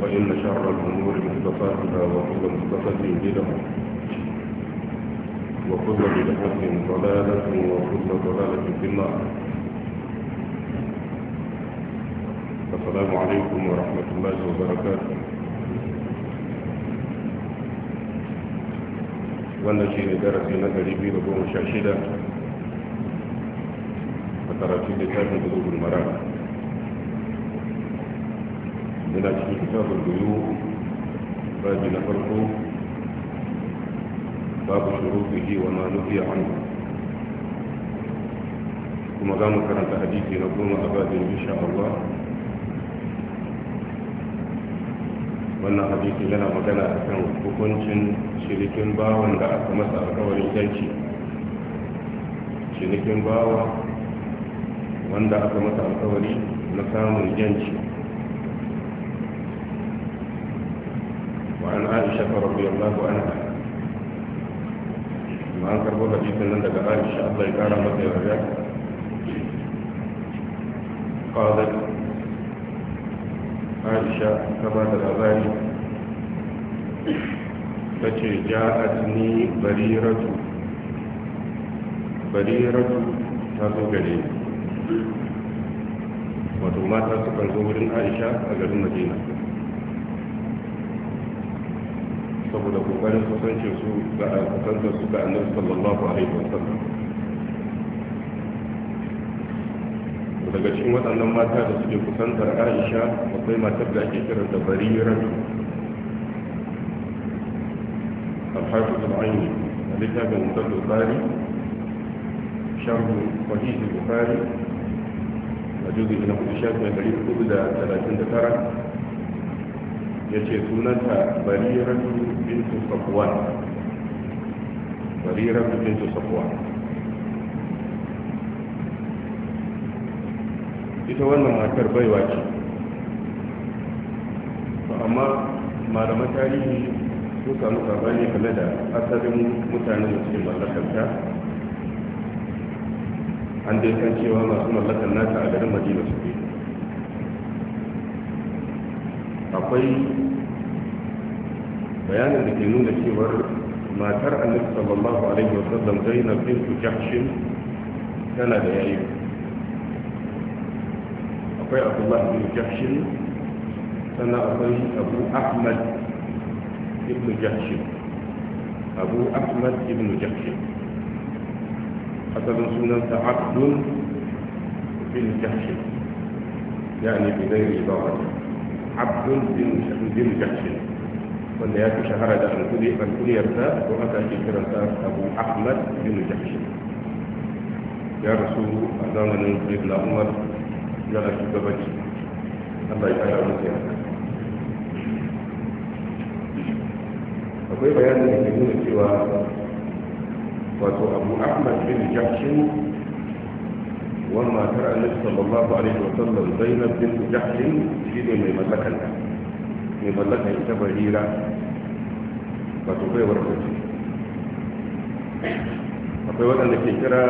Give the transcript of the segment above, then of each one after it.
وإن شر الأمور مصطفاتها وكل مصطفة بدعة وكل بدعة ضلالة وكل ضلالة في النار السلام عليكم ورحمة الله وبركاته وانا شيء ne darasi na 216 a karatun littafin da zubin Yana cikin kitabun buyu babi na farko babu shuruɗi wa ma nufi an kuma za mu karanta hadisi na goma a babin insha Allah wannan hadisi yana magana a kan hukuncin shirikin wanda aka masa alkawari na samun yanci وعن عائشة رضي الله عنها ما أنكر بها جيدا لندك عائشة الله يكرم وتعالى قالت عائشة كما تلغاني فشي جاءتني بريرة بريرة تزوجني wato mata sukan zo wurin aisha a garin saboda kokarin kusance su ga kusantar su ga annabi sallallahu alaihi wasallam daga cikin waɗannan mata da suke kusantar aisha akwai matar da ake kira da barira alhafiz al-aini a littafin mutar bukari sharhu sahih bukari a juzu ina kudu shafi na ɗari hudu da talatin da tara ya ce sunanta bariratu بنت صفوان بريرة بنت صفوان ita wannan matar baiwa ce amma malaman tarihi sun samu sabani game da asalin mutane da suke mallakanta? an dai san cewa masu mallakar nata a garin madina su akwai bayanin da ke nuna cewar matar annabi sallallahu alaihi wa sallam zainab bint jahsh tana da yayi akwai abdullah bin jahsh sannan akwai abu ahmad ibn jahsh abu ahmad ibn jahsh asalin sunansa abdul bin jahsh yani bidai ibara abdul bin jahsh wanda ya fi shahara da alkuliyarsa ko haka ake kiransa abu ahmad bin jahshi ya rasu a zamanin sayyidina umar yana shugabanci allah ya kara musu akwai bayanin da ke nuna cewa wato abu ahmad bin jahshi wannan matar annabi sallallahu alaihi wa sallam zainab bin jahshi ne mai mallakanta mai mallaka ita barira kai baiwar mace akwai waɗanda ke kira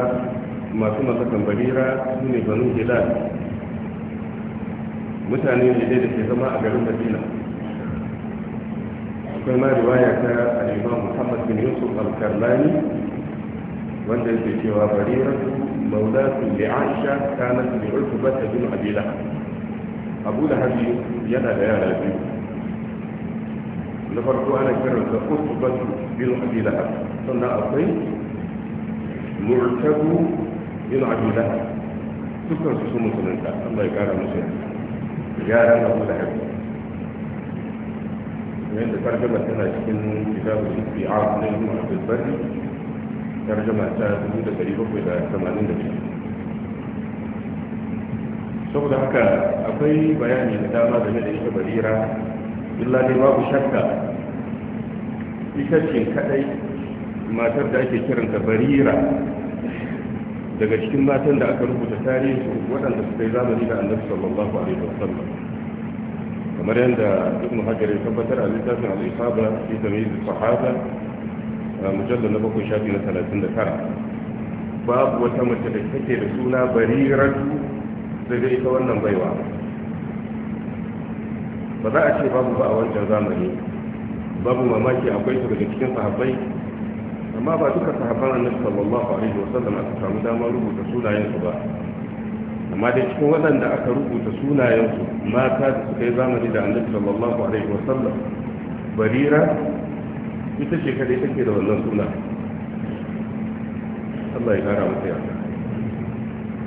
masu mallakan barira su ne banu hilal mutane ne dai da ke zama a garin madina akwai ma riwaya ta al'imam muhammad bin yusuf al-karlani wanda yake cewa barira su da aisha kanat bi utbata bin abi lahab abu lahab yana da yara biyu na farko ana kiransa usbatu bin abi lahab sannan akwai murtabu bin abi lahab dukkan su sun musulunta Allah ya kara musu yaran abu lahab yadda tarjama tana cikin kitabu fi na ibn abdul bari tarjama ta 1782 saboda haka akwai bayani da dama game da ita barira illa ne babu shakka ita ce kadai matar da ake kiranta barira daga cikin matan da aka rubuta tarihinsu waɗanda suka yi zamani da annabi sallallahu alaihi wasallam kamar yadda ibn hajar ya tabbatar a littafin al-isaba fi tamyiz sahaba mujallal na bakwai shafi na talatin da tara babu wata mace da take da suna bariratu sai dai ita wannan baiwa ba za a ce babu ba a wancan zamani babu mamaki akwai su daga cikin sahabbai amma ba duka sahabban annabi sallallahu alaihi wasallam aka samu dama rubuta sunayen su ba amma dai cikin waɗanda aka rubuta sunayen su mata da suka yi zamani da annabi sallallahu alaihi wasallam barira ita ce kadai take da wannan suna Allah ya kara mata yarda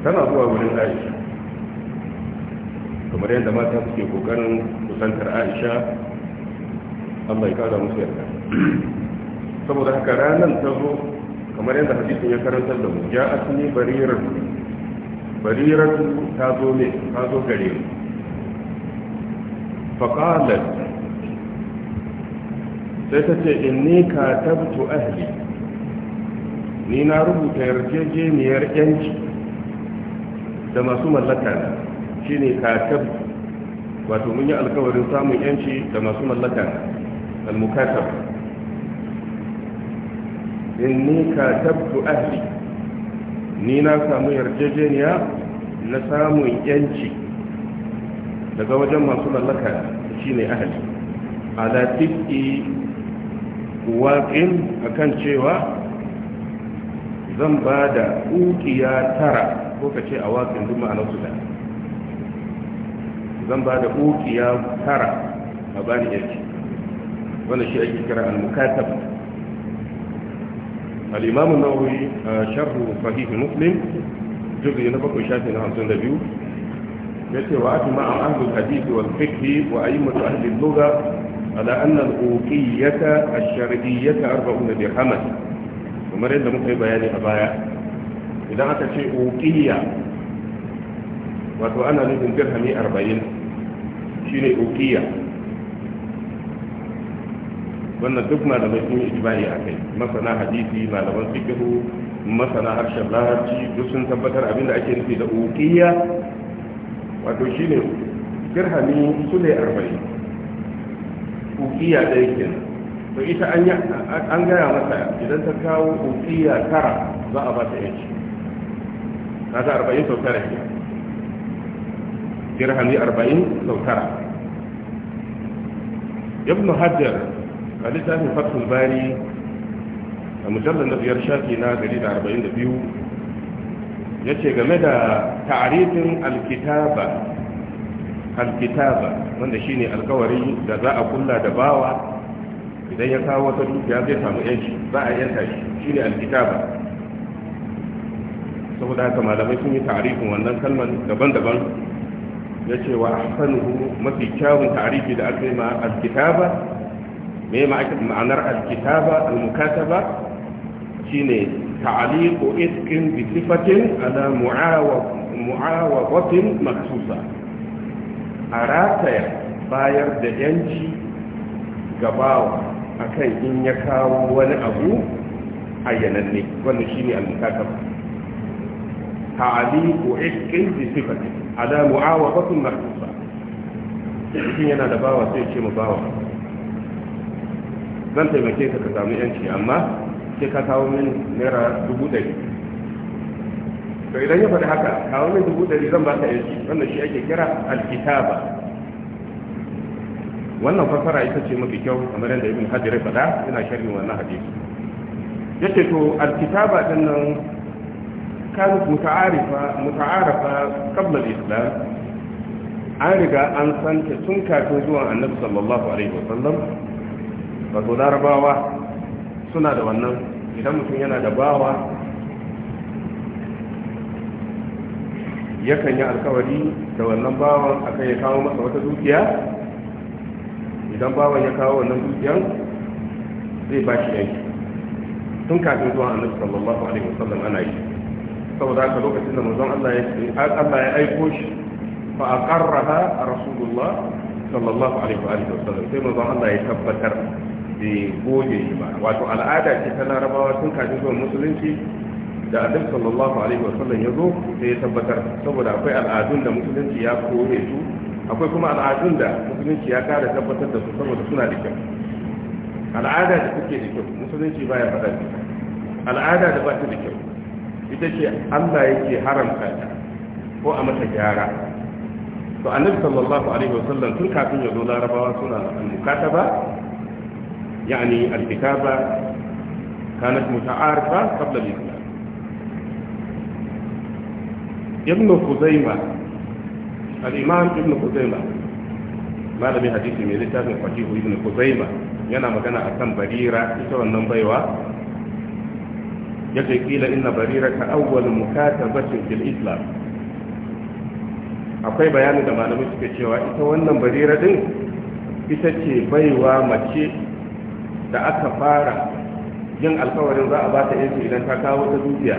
tana zuwa wurin Aisha kamar yadda mata suke kokarin kusantar aisha allah ya kada musu yarda saboda haka ranar ta zo kamar yadda hadisin ya karantar da mu ya asini bariratu bariratu ta zo ne ta zo gare mu faƙalar sai ta ce in ni ka tabtu ahli ni na rubuta yarjejeniyar yanci da masu mallaka na shine katab wato mun yi alkawarin samun yanci da masu mallaka al-mukatab inni katabtu ahli ni na samu yarjejeniya na samun yanci daga wajen masu mallaka shine ahli ala tiki waƙin akan cewa zan ba da ƙuƙiya tara ko ka a waƙin duk ma'anarsu da zan ba da ukiya tara a bani yanki wanda shi ake kira al-mukatab al-imam an-nawawi sharh sahih muslim juz'i na 7 shafi na 52 yace wa atma ahlu al-hadith wal fiqh wa a'immatu ahli al-lugha ala anna al-uqiyyata ash-shar'iyyata 40 dirhaman kamar yadda muka yi bayani a baya idan aka ce uqiyya wato ana nufin dirhami arba'in shine ukiya wannan duk malamai sun yi ijma'i a kai masana hadisi malaman fikihu masana harshen laharci duk sun tabbatar abin da ake nufi da ukiya wato shine dirhami su ne arba'in ukiya ɗaya kenan to ita an gaya masa idan ta kawo ukiya tara za a ba ta yanci ta arba'in sau tara kenan dirhami arba'in sau tara ibn hajjar a littafin fatul bari a mujallar na biyar shafi na gari da arba'in da biyu ya ce game da ta'arifin alkitaba alkitaba wanda shine alkawari da za a kulla da bawa idan ya kawo wata dukiya zai samu yanci za a yanta shi shine alkitaba saboda haka malamai sun yi ta'arifin wannan kalmar daban-daban ya ce wa ahsanuhu mafi kyawun tarihi da aka yi ma alkitaba me ma'anar alkitaba almukataba shine ta'aliqu iskin bi sifatin ala mu'awafatin maksusa a rataya bayar da yanci gabawa akan in ya kawo wani abu ayyananne wannan shine almukataba ta'aliqu iskin bi sifatin ala mu'awafatun mahsusa mutum yana da bawa sai ce mu bawa zan taimake ka ka samu yanci amma sai ka kawo min naira dubu ɗari to idan ya faɗi haka kawo min dubu ɗari zan ba ka yanci wannan shi ake kira alkitaba wannan fasara ita ce mafi kyau kamar yadda ibn hajar ya faɗa yana sharhin wannan hadisi yace to alkitaba din nan كانت متعارفة متعارفة قبل الإسلام an riga an san ta tun kafin zuwan annabi sallallahu alaihi wasallam wato larabawa suna da wannan idan mutum yana da bawa yakan yi alkawari da wannan bawan akan ya kawo masa wata dukiya idan bawan ya kawo wannan dukiyan zai ba shi yanki tun kafin zuwan annabi sallallahu alaihi wasallam ana yi saboda haka lokacin da manzon Allah ya Allah ya aiko shi fa aqarraha rasulullah sallallahu alaihi wa alihi wasallam sai manzon Allah ya tabbatar da goge shi ba wato al'ada ce ta larabawa tun kafin zuwa musulunci da annabi sallallahu alaihi wasallam ya zo sai ya tabbatar saboda akwai al'adun da musulunci ya kore su akwai kuma al'adun da musulunci ya kara tabbatar da su saboda suna da kyau al'ada da kuke da kyau musulunci baya faɗa al'ada da ba ta da kyau ita ce Allah yake haramta ta ko a mata gyara to annabi sallallahu alaihi wasallam tun kafin ya zo larabawa suna al-mukataba yani al-kitaba kanat muta'arifa qabla al-islam ibn Khuzaima al-imam ibn Khuzaima malamin hadisi mai littafin fatihu ibn Khuzaima yana magana akan barira ita wannan baiwa yace kila inna ka awwal mukatabatin fil islam akwai bayani da malamai suke cewa ita wannan barira din ita ce baiwa mace da aka fara yin alkawarin za a ba ta yanki idan ta kawo ta dukiya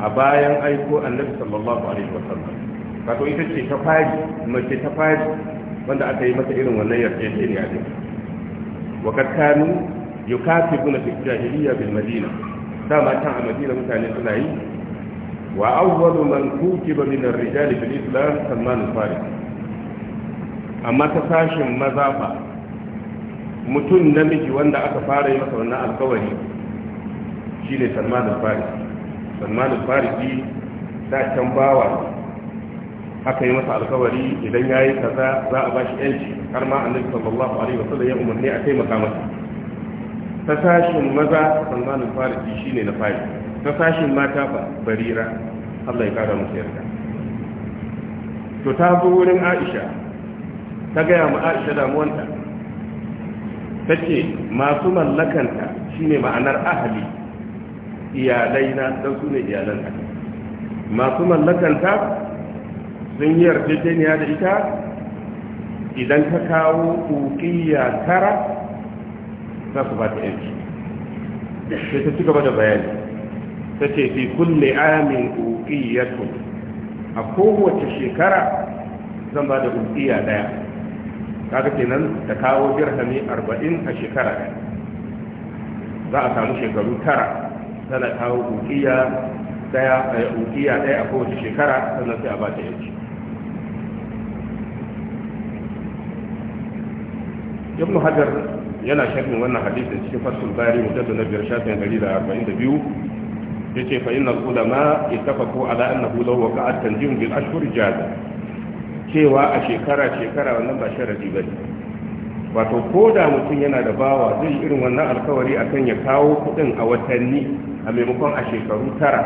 a bayan aiko annabi sallallahu alaihi wasallam kato ita ce ta fari mace ta fari wanda aka yi mata irin wannan yarjejeniya din wa kakkanu yukafiruna fi jahiliya bil madina dama can a madina mutane suna yi wa awwalu man kutiba min ar-rijali bil islam salman al-faris amma ta sashin maza fa mutum namiji wanda aka fara yi masa wannan alkawari shine salman al-faris salman al-faris da can bawa aka yi masa alkawari idan ya yi kaza za a ba shi yanci har ma annabi sallallahu alaihi wasallam ya umarni a taimaka masa ta sashin maza salman al-farisi shine na fari ta sashin mata ba barira Allah ya kada musu yarda to ta zo wurin Aisha ta gaya ma Aisha damuwanta ce masu mallakanta shine ma'anar ahli iyalai na don su ne ta. masu mallakanta sun yi yarjejeniya da ita idan ka kawo kukiya tara za ku ba ta yanci sai ta ci gaba da bayani ta ce fi kulle amin uqiyatu a kowace shekara zan ba da ɗaya daya kaga kenan ta kawo dirhami 40 a shekara daya za a samu shekaru tara tana kawo eh, uqiya ɗaya a kowace shekara sannan sai a ba ta yanci ibn hajar yana sharhin wannan hadisi cikin fasul bari da na biyar shafin ɗari da arba'in da biyu ya ce fa inna ulama ittafaqu ala annahu law waqa'a tanjim bil ashhur jaza cewa a shekara shekara wannan ba sharadi bane wato ko da mutum yana da bawa zai irin wannan alkawari akan ya kawo kuɗin a watanni a maimakon a shekaru tara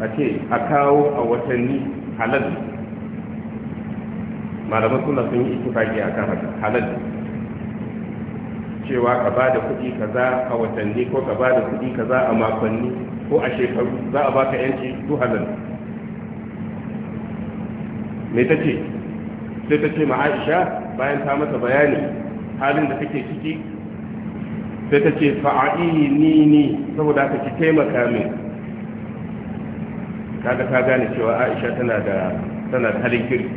a ce a kawo a watanni halal malaman suna sun yi a akan halal cewa ka ba da kuɗi kaza a watanni ko ka ba da kuɗi kaza a makonni ko a shekaru za a baka yanci duk halal me ta ce sai ta ce ma aisha bayan ta masa bayani halin da take ciki sai ta ce fa'a'i ni ni saboda ka ki taimaka min kaga ka gane cewa aisha tana da tana da halin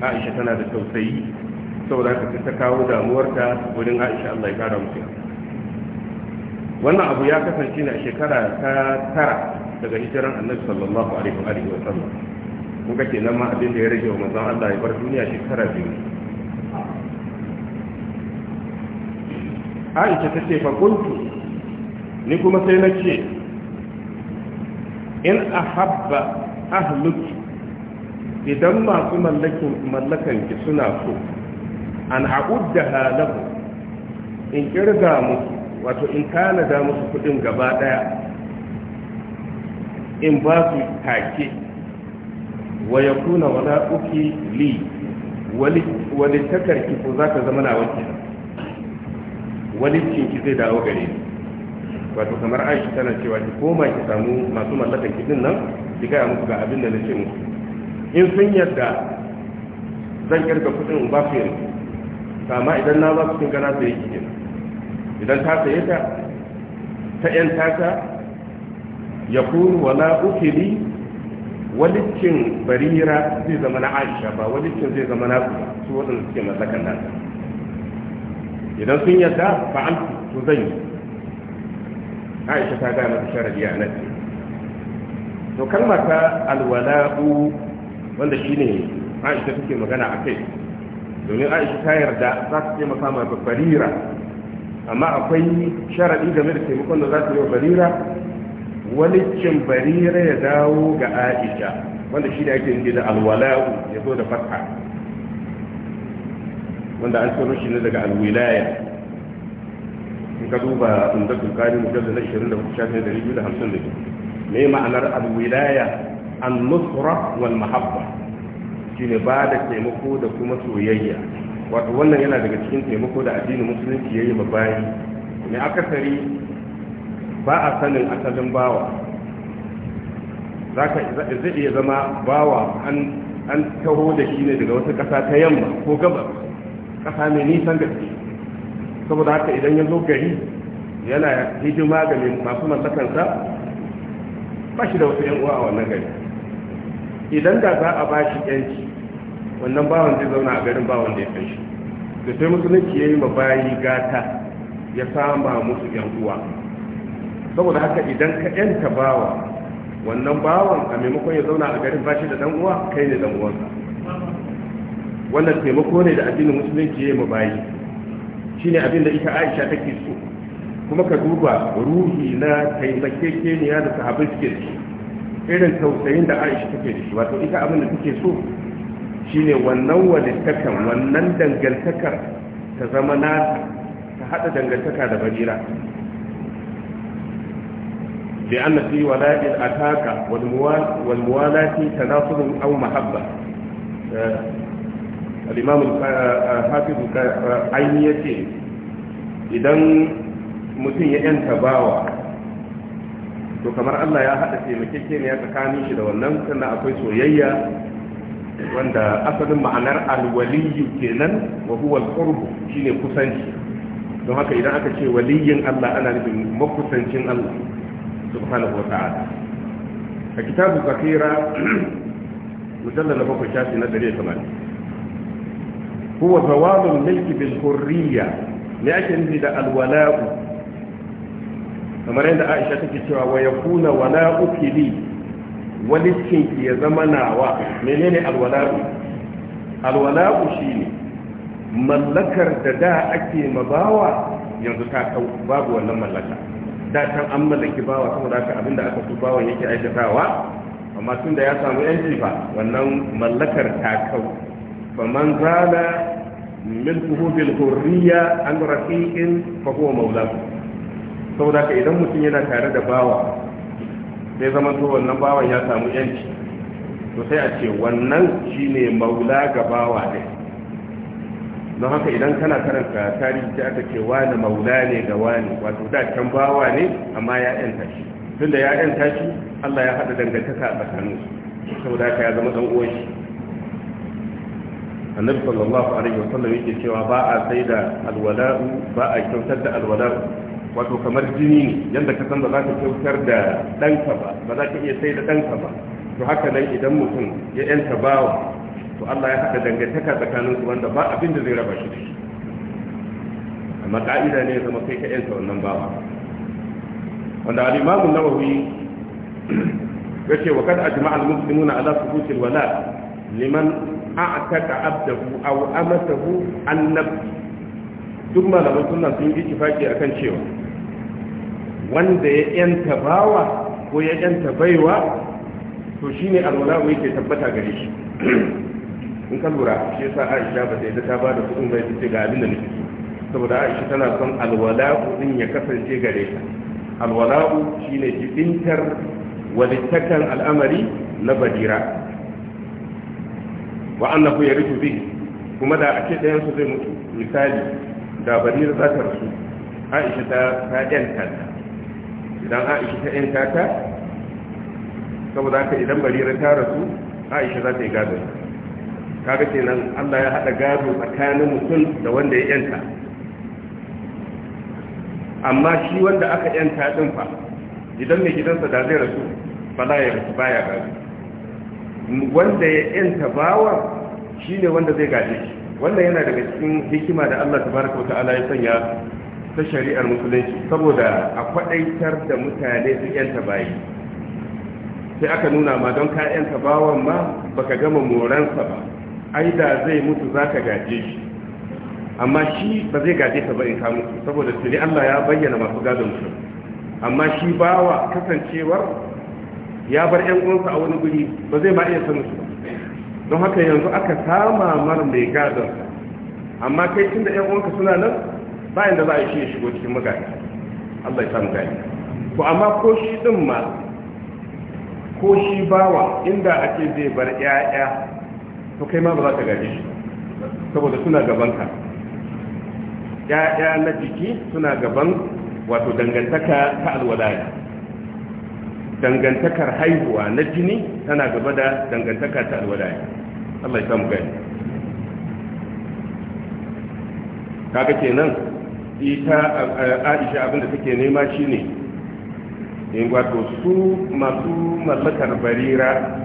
aisha tana da tausayi saboda haka ta kawo damuwarta wurin aisha allah ya kara mutu wannan abu ya kasance ne a shekara ta tara daga hijiran annabi sallallahu alaihi wa alihi wa sallam kuka ce ma abin da ya rage wa manzon allah ya bar duniya shekara biyu aisha ta ce fa kuntu ni kuma sai na ce in ahabba ahluk idan masu mallakan mallakanki suna so an a'uddaha lahu in kirga musu wato in da musu kudin gaba daya in ba su take wa yakuna wala uki li wali takarki ko ka zama na wanke ki zai dawo gare ni wato kamar aiki tana cewa ki koma ki samu masu mallakan kidin nan ki gaya musu ga abin da na ce musu in sun yadda zan kirga kudin in ba su yanzu kama idan na ba su kun gana sai yake idan ta saye ta ta yan taka ya kuru wala ukili walicin barira zai zama na aisha ba walicin zai zama na su waɗanda suke mallakan nasa idan sun yadda fa'al su zan yi aisha ta gaya mata sharadi a nan to kalmar ta alwala'u wanda shine aisha take magana a kai domin aisha ta yarda za ta taimaka ma barira amma akwai sharaɗi game da taimakon da za ta yi wa barira walicin barira ya dawo ga aisha wanda shi da ake yi da alwala'u ya zo da fatha wanda an tsoro shi ne daga alwilaya in ka duba umdatul qari mujallal 24 shafin 252 me ma'anar alwilaya an-nusra wal mahabba shine ba da taimako da kuma soyayya wato wannan yana daga cikin taimako da addinin musulunci ya ba bayi ne akasari ba a sanin asalin bawa za ka zai iya zama bawa an taho da shi ne daga wata ƙasa ta yamma ko gabas ƙasa mai nisan shi saboda haka idan ya zo gari yana hijima ga masu mallakansa ba shi da wasu yan uwa a wannan gari idan da za a ba shi yanci wannan bawan zai zauna a garin bawan da ya kai shi da sai musulunci ya yi ma bayi gata ya sama musu yan uwa saboda haka idan ka yanta bawa wannan bawan a maimakon ya zauna a garin bashi da dan uwa kai ne dan uwansa wannan taimako ne da addinin musulunci ya yi ma bayi shine abin da ita Aisha take so kuma ka duba ruhi na taimakekeniya da sahabbai suke da shi irin tausayin da Aisha take da shi wato ita abin da take so shine wannan walittakan wannan dangantakar ta zama nata ta hada dangantaka da barira bi anna fi wala'il ataka wal muwal wal muwalati au mahabba eh, al-imam al-hafiz aini yace idan mutum ya yanta bawa to kamar Allah ya hada taimakekeniya tsakanin shi da wannan sannan akwai soyayya wanda asalin ma'anar alwaliyu kenan wa huwa alqurbu shine kusanci don haka idan aka ce waliyin Allah ana nufin makusancin Allah subhanahu wa ta'ala a kitabu kafira mujallal na bakwai shafi na dare kamar huwa zawalun milki bil hurriya ne ake nufi da alwala'u kamar yadda Aisha take cewa wa yakuna wala'u kili Wani ki ya zama nawa menene alwala'u alwala'u shine mallakar da da ake mabawa yanzu ta kau babu wannan mallaka da can an mallaki bawa saboda haka abinda aka su bawa yake aikatawa amma tun da ya samu yanci ba wannan mallakar ta kau faman zala min bil hurriya an rafiqin fa huwa maulahu saboda idan mutum yana tare da bawa Sai zama to wannan bawan ya samu yanci to sai a ce wannan shine maula ga bawa ne don haka idan kana karanta tarihi sai aka ce wani maula ne ga wani wato da can bawa ne amma ya yanta shi tunda ya yanta shi Allah ya haɗa dangantaka a tsakanin su saboda haka ya zama dan uwan shi annabi sallallahu alaihi wasallam yake cewa ba a sai da alwala'u ba a kyautar da alwala'u wato kamar jini ne yadda ka san ba za ka kyautar da ɗanka ba ba za ka iya sai da ɗanka ba to haka nan idan mutum ya yanta bawa to Allah ya haɗa dangantaka tsakanin su wanda ba abin da zai raba shi amma ka'ida ne ya zama kai ka yanta wannan bawa wanda al-imamu nawawi yace wa kad ajma'a al-muslimuna ala thubuti al-wala liman a'taka abdahu aw amatahu an nafsi duk malamai sunna sun yi ittifaki akan cewa wanda ya yanta bawa ko ya yanta baiwa to shine alwala'u yake tabbata gare shi in ka lura shi yasa Aisha ba ta yadda ta bada kudin bai ta ga abin da nake saboda Aisha tana son alwala'u din ya kasance gare ta alwala'u shine jibintar walittakan al'amari na Bajira. wa annahu yarithu bihi kuma da ake dayan su zai mutu misali da badira za ta rasu Aisha ta ta idan aisha ta yanka ta saboda haka idan barira ta rasu aisha za ta yi gado kaga kenan Allah ya hada gado tsakanin mutum da wanda ya yanta amma shi wanda aka yanta din fa idan mai gidansa da zai rasu ba za ya rasu baya gado wanda ya yanta bawa shine wanda zai gaje shi wannan yana daga cikin hikima da Allah tabaraka wa ta'ala ya sanya ta shari'ar musulunci saboda a kwadaitar da mutane su yanta bayi sai aka nuna ma don ka yanta bawan ma baka gama moransa ba ai da zai mutu za ka gaje shi amma shi ba zai gaje ta ba in ka mutu saboda tuni Allah ya bayyana masu gadon su amma shi bawa kasancewar ya bar yan uwansa a wani guri ba zai ma iya sanu su don haka yanzu aka sama mar mai gadon amma kai tunda yan uwanka suna nan bayan da za a yi shi ya shigo cikin magani Allah ya samu gani ko amma ko shi din ma ko shi bawa inda ake zai bar ƴaƴa to kai ma ba za ka gaji shi saboda suna gaban ka ƴaƴa na jiki suna gaban wato dangantaka ta alwalaya dangantakar haihuwa na jini tana gaba da dangantaka ta alwalaya Allah ya samu gani kaga kenan ita aisha abin da take nema shi ne in wato su masu mallakar barira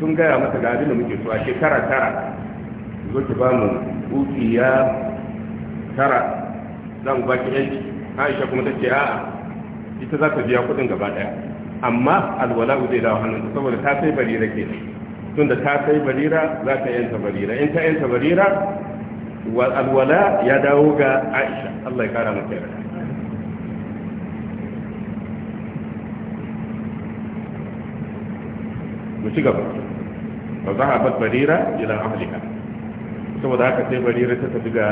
sun gaya mata ga abin da muke so a shekara tara zo ki ba mu ukiya tara za mu baki yanki aisha kuma tace a'a ita za ta biya kudin gaba ɗaya amma alwala zai dawo ta saboda ta sai barira ke tunda ta sai barira za ta yanta barira in ta yanta barira alwala ya dawo ga aisha Allah ya kara mata yarda mu ci gaba ba za a bar barira ila ahlika saboda haka sai barira ta tafi ga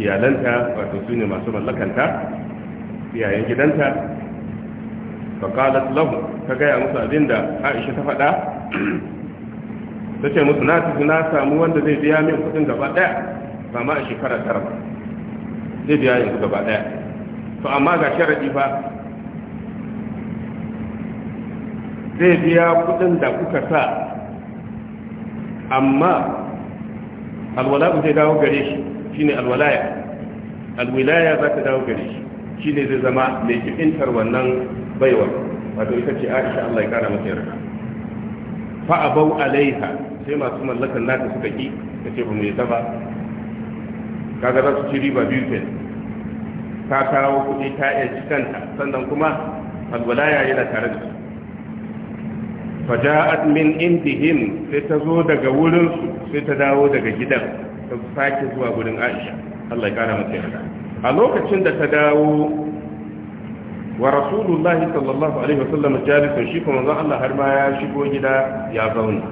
iyalanta wato su ne masu mallakanta iyayen gidanta kalas lahu ta gaya musu abin da aisha ta faɗa ta ce musu na tafi na samu wanda zai biya min kuɗin gaba ɗaya ba ma a shekara tara ba zai biya yanzu gaba daya to amma ga sharadi ba zai biya kudin da kuka sa amma alwala'u zai dawo gare shi shine alwalaya alwilaya za ta dawo gare shi shine zai zama mai kifintar wannan baiwa wato ita ce aisha Allah ya kara mata yarda fa abau alaiha sai masu mallakan nata suka ki ta ce ba mu yi ba kaga za su ci riba biyu ke ta kawo kuɗi ta iya ci kanta sannan kuma alwalaya yana tare da su faja'at min indihim sai ta zo daga wurin su sai ta dawo daga gidan ta sake zuwa gurin Aisha Allah ya kara mata yarda a lokacin da ta dawo wa rasulullahi sallallahu alaihi wasallam jalisun shi kuma zan Allah har ma ya shigo gida ya zauna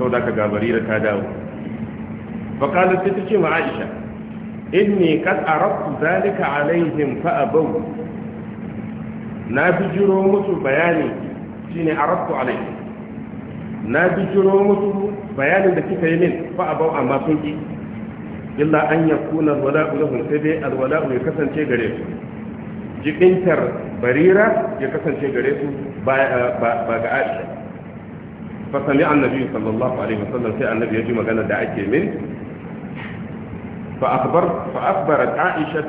sau da ka gabari da ta dawo fakalar sai ta ce ma aisha inni a arabtu zalika alaihim fa abaw na bijiro musu bayani a arabtu alaihim na bijiro mutu bayanin da kika yi min fa abaw amma sun ki illa an yakuna alwala'u na sai dai alwala'u ya kasance gare su Jikintar barira ya kasance gare su ba ga aisha fa sami annabi sallallahu alaihi wasallam sai annabi ya ji magana da ake min fa akhbar fa akhbarat aisha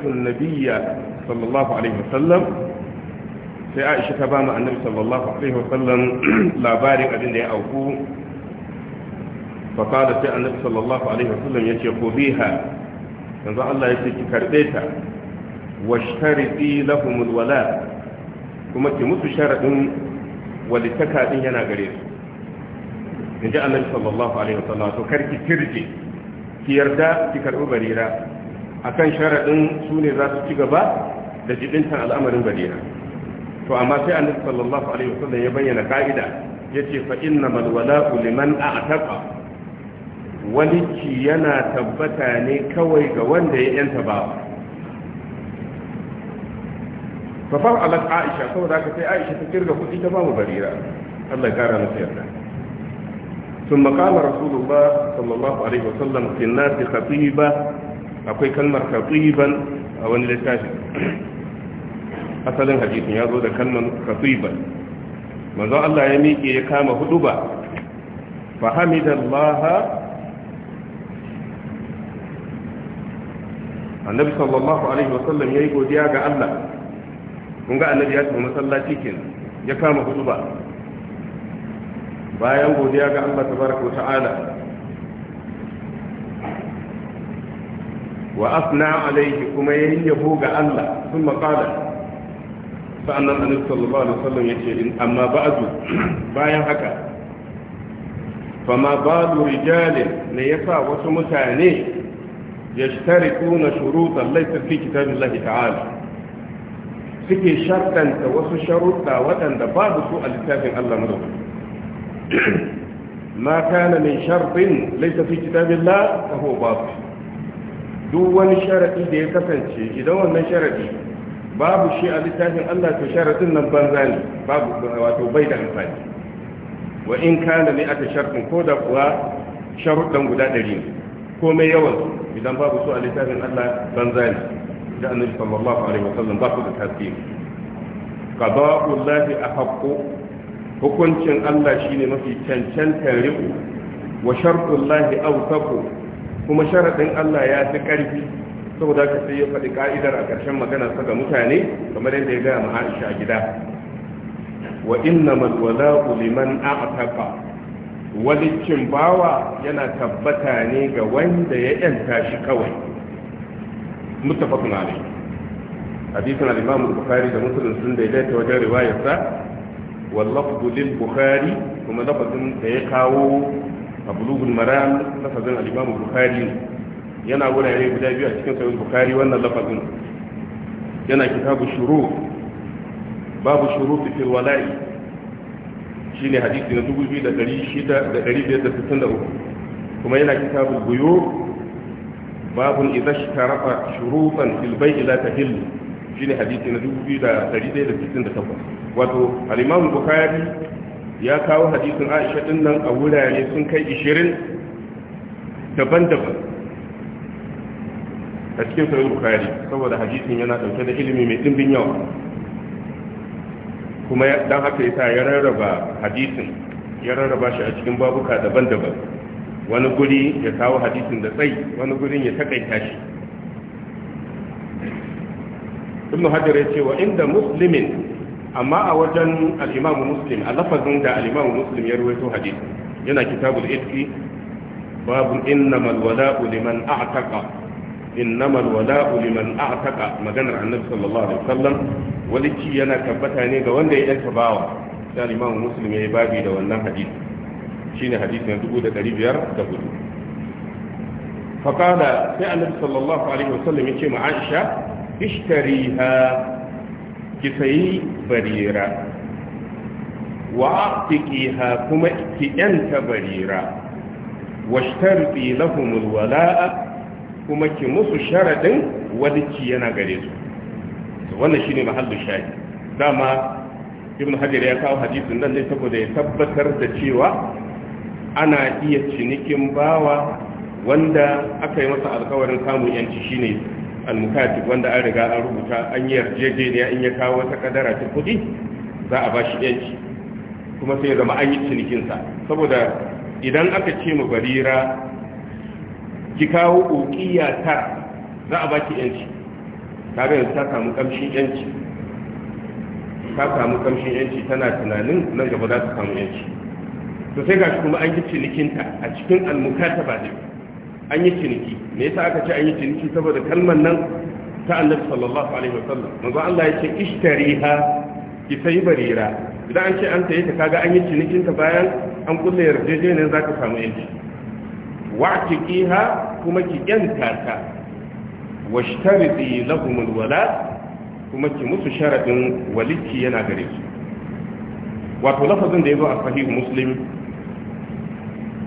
sallallahu alaihi wasallam sai aisha ta ba mu annabi sallallahu alaihi wasallam labarin abin da ya auku fa kada sai annabi sallallahu alaihi wasallam yace ko biha yanzu Allah yace ki karɓe ta washtariti kuma ki musu sharadin walitaka yana gare su in ji annabi sallallahu alaihi wasallam to karki kirje ki yarda ki karbi barira akan sharadin su ne za su ci gaba da jibintan al'amarin barira to amma sai annabi sallallahu alaihi wasallam ya bayyana ka'ida yace fa innamal wala'u liman a'taqa walici yana tabbata ne kawai ga wanda ya yanta ba fa fa'alat aisha saboda ka sai aisha ta kirga kudi ta ba mu barira Allah ya kara masa yarda ثم قال رسول الله صلى الله عليه وسلم في الناس خطيبة أقول كلمة خطيبا أو أن لتاجد ya zo da كلمة خطيبا manzon Allah ya miƙe ya kama hudu ba fa hamidallaha annabi sallallahu alaihi wasallam yayi godiya ga Allah kun ga annabi ya tafi masallaci ya kama hudu ba bayan godiya ga Allah tabaraka ta'ala wa asna alayhi kuma yayin yabo ga Allah sun qala sa'annan annabi sallallahu alaihi wasallam yace in amma ba'du bayan haka fama balu rijalin ne yasa wasu mutane yashtarikuna shurutan laysa fi kitabillahi ta'ala suke shartanta wasu sharuɗa waɗanda babu su a littafin Allah madaukaki ma kana min sharfin laisa fi kitabillah fa huwa batil duk wani sharaɗi da ya kasance idan wannan sharadi babu shi a littafin Allah to sharadin nan banza ne babu wato bai da amfani wa in kana ne aka sharfin ko da kuwa sharuɗan guda ɗari ne ko mai yawan idan babu su a littafin Allah banza ne da annabi sallallahu alaihi wasallam ba su da tasiri qada'u llahi ahaqqu hukuncin Allah shi ne mafi cancantar riku, wa sharɗullahi autaku kuma sharaɗin Allah ya fi ƙarfi saboda ka sai ya faɗi ka'idar a ƙarshen magana ga mutane kamar yadda ya gaya ma Aisha gida wa inna innamal uliman liman ataka walicin bawa yana tabbata ne ga wanda ya yanta shi kawai mutafakun alai hadisin al’imamu bukari bukhari da muslim sun daidaita wajen riwayarsa wallafdu lil bukhari kuma lafazin da ya kawo a bulugul maram lafazin al-imam yana wurare guda biyu a cikin sahih bukhari wannan lafazin yana kitabu shuru babu shuru fil wala'i shine hadisi na 2663 kuma yana kitabu buyu babun idza ishtarafa shurutan fil bai'i la shine hadisi na 2168 wato al-Imam Bukhari ya kawo hadisin Aisha din nan a wurare sun kai 20 daban-daban a cikin sahih Bukhari saboda hadisin yana dauke da ilimi mai dimbin yawa kuma dan haka yasa ya rarraba hadisin ya rarraba shi a cikin babuka daban-daban wani guri ya kawo hadisin da tsayi wani gurin ya takaita shi ibn hajar ya ce wa inda muslimin amma a wajen al'imamu muslim a lafazin da al'imamu muslim ya ruwaito hadisi yana kitabul itki babu innamal wala'u liman a'taqa innamal wala'u liman a'taqa maganar annabi sallallahu alaihi wasallam walici yana tabbata ne ga wanda ya yanka bawa sai al'imamu muslim ya yi babi da wannan hadisi shine hadisi na dubu da da dari biyar 1504 فقال فعلا صلى الله عليه وسلم يتيم عائشة ishtariha ki sayi barira wa aqtiha kuma ki yanta barira washtarti lahum alwala'a kuma ki musu sharadin walici yana gare su wannan shine mahallu shahi dama ibn hajar ya kawo hadisin nan ne saboda ya tabbatar da cewa ana iya cinikin bawa wanda aka yi masa alkawarin kamun yanci shine almukatib wanda an riga an rubuta an yi yarjejeniya in ya kawo wata kadara ta kudi za a bashi yanci kuma sai ya zama an yi cinikinsa saboda idan aka ce mu barira ki kawo ukiya ta za a ki yanci kaga yanzu ta samu kamshin yanci ta samu kamshin yanci tana tunanin nan gaba za ta samu yanci to sai shi kuma an yi cinikinta a cikin almukataba ne an yi ciniki me yasa aka ce an yi ciniki saboda kalmar nan ta annabi sallallahu alaihi wasallam manzo Allah ya ce ishtariha ki sayi barira idan an ce an saye ta kaga an yi cinikin ta bayan an kulle yarjejeniyar zaka samu yanci wa'tiqiha kuma ki yanta ta washtaridi lahum alwala kuma ki musu sharadin waliki yana gare su wato lafazin da yazo a sahih muslim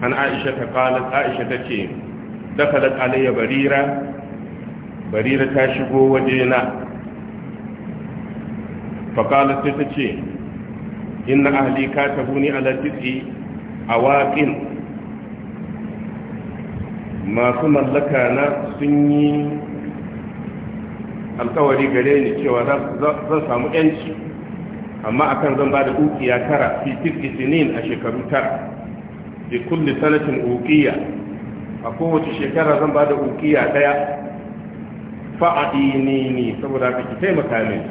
an aisha ta qalat aisha tace dakalat alayya barira barira ta shigo waje wajena faƙalar ta ce inna ahli ka tabuni ala tisi a waƙin masu mallaka na sun yi alkawari gare ni cewa zan samu yanci amma akan zan ba da ukiya tara fi sinin a shekaru tara da kulle sanatin ukiya a kowace shekara zan ba da ukiya daya fa'adi ne ne saboda ka ki taimaka min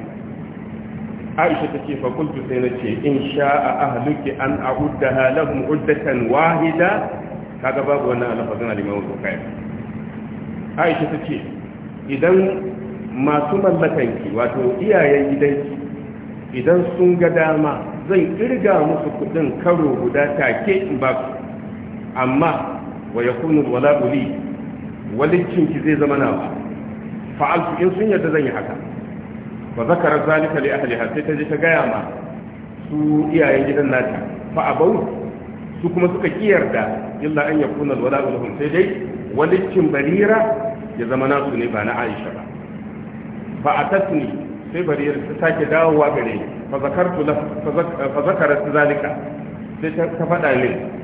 aisha ta ce fakultu sai na ce in sha'a ahaluki an a'udda halahun uddatan wahida kaga babu wannan alfazin alimawar zokai aisha ta ce idan masu mallakanki wato iyayen gidanki idan sun ga dama zan kirga musu kudin karo guda take in ba amma wa yakunu alwala'u li walicin ki zai zama nawa fa'altu in sun yadda zan yi haka fa zakara zalika li ahliha sai ta je ta gaya ma su iyayen gidan nata fa abau su kuma suka kiyarda illa an yakuna alwala'u lahum sai dai walicin barira ya zama nasu ne ba na Aisha ba fa atatni sai barira ta sake dawowa gare ni fa zakartu la fa zakarat zalika sai ta faɗa min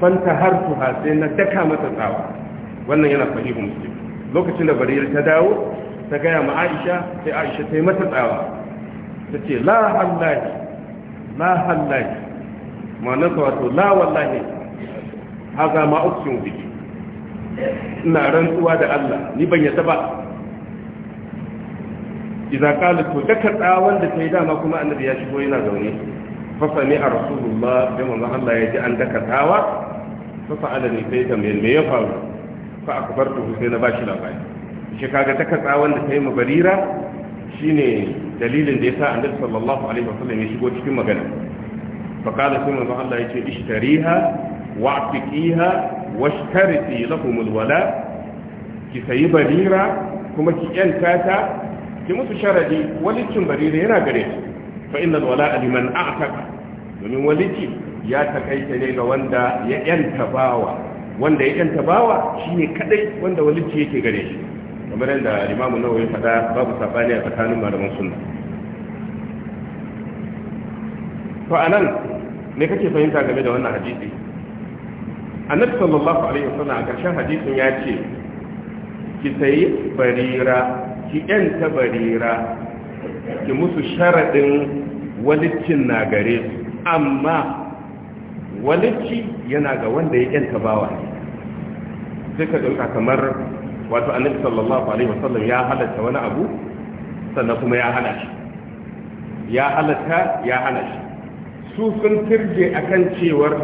fanta har su sai na daka mata tsawa wannan yana fahimu, muslim lokacin da bariyar ta dawo ta gaya ma aisha sai aisha ta yi mata tsawa ta ce la hallahi la hallahi ma'anar sa wato la wallahi haza ma uksin biki ina rantsuwa da Allah ni ban yadda ba Iza kala to daka tsawon da ta yi dama kuma annabi ya shigo yana zaune fasami a rasulullah da manzon Allah ya ji an daka tsawa fa fa'ala ni sai tambayar me ya faru fa akbartu sai na bashi labari shi kaga ta katsa wanda ta yi mu barira shine dalilin da yasa annabi sallallahu alaihi wasallam ya shigo cikin magana fa kana sai manzo Allah yace ishtariha wa'tiqiha washtariti lahum alwala ki sayi barira kuma ki yanta ta ki musu sharadi walicin barira yana gare fa inna alwala liman a'taqa domin waliki ya takaita ne ga wanda ya yanta bawa wanda ya yanta bawa ne kadai wanda waliki yake gare shi kamar yadda Imam nawa ya fada babu sabani a tsakanin malaman sunna to anan me kake fahimta game da wannan hadisi annabi sallallahu alaihi wasallam a karshen hadisin ya ce ki sayi barira ki yanta barira ki musu sharadin walicin na gare su amma walici yana ga wanda ya yanta bawa sai ka dauka kamar wato annabi sallallahu alaihi wasallam ya halatta wani abu sannan kuma ya hana shi ya halatta ya hana shi su sun turje akan cewar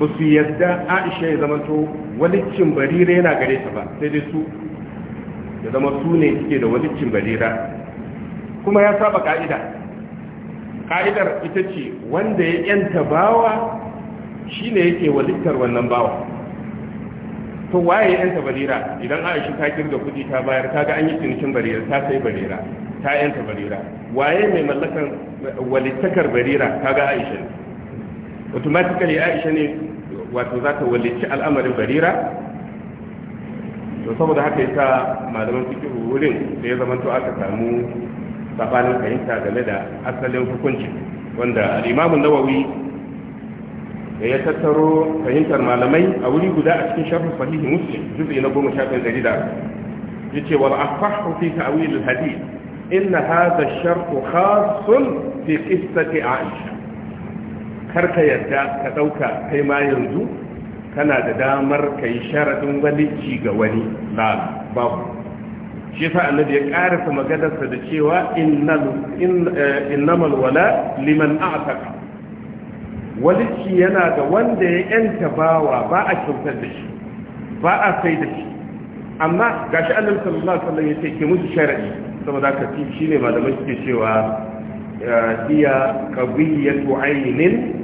ba su yadda aisha ya zama to walicin barira yana gare ta ba sai dai su ya zama su ne suke da walicin barira kuma ya saba ka'ida ka'idar ita ce wanda ya yanta bawa shine yake walittar wannan bawa to waye yanta barira idan Aisha ta kirga kudi ta bayar kaga an yi cinikin barira ta sai barira ta yanta barira waye mai mallakan walittakar barira kaga Aisha ne? automatically Aisha ne wato za ta walici al'amarin barira to saboda haka yasa malaman fikihu wurin da ya zamanto aka samu sabanin fahimta game da asalin hukunci wanda Limamin imam an-Nawawi da ya tattaro fahimtar malamai a wuri guda a cikin sharh sahih Muslim juz'i na 10 shafin jarida yace wal afahu fi ta'wil al-hadith إن هذا الشرط خاص في قصة عائشة karka yarda ka ɗauka kai ma yanzu kana da damar ka yi sharaɗin walici ga wani babu shi yasa annabi ya karasa maganarsa da cewa eh, innamal wala liman a'taka walici yana da wanda ya yanta bawa ba a kyautar da shi ba a sai da shi amma gashi annabi sallallahu alaihi wasallam yace ki musu sharadi saboda ka shine malamai suke cewa eh, hiya qadiyatu aynin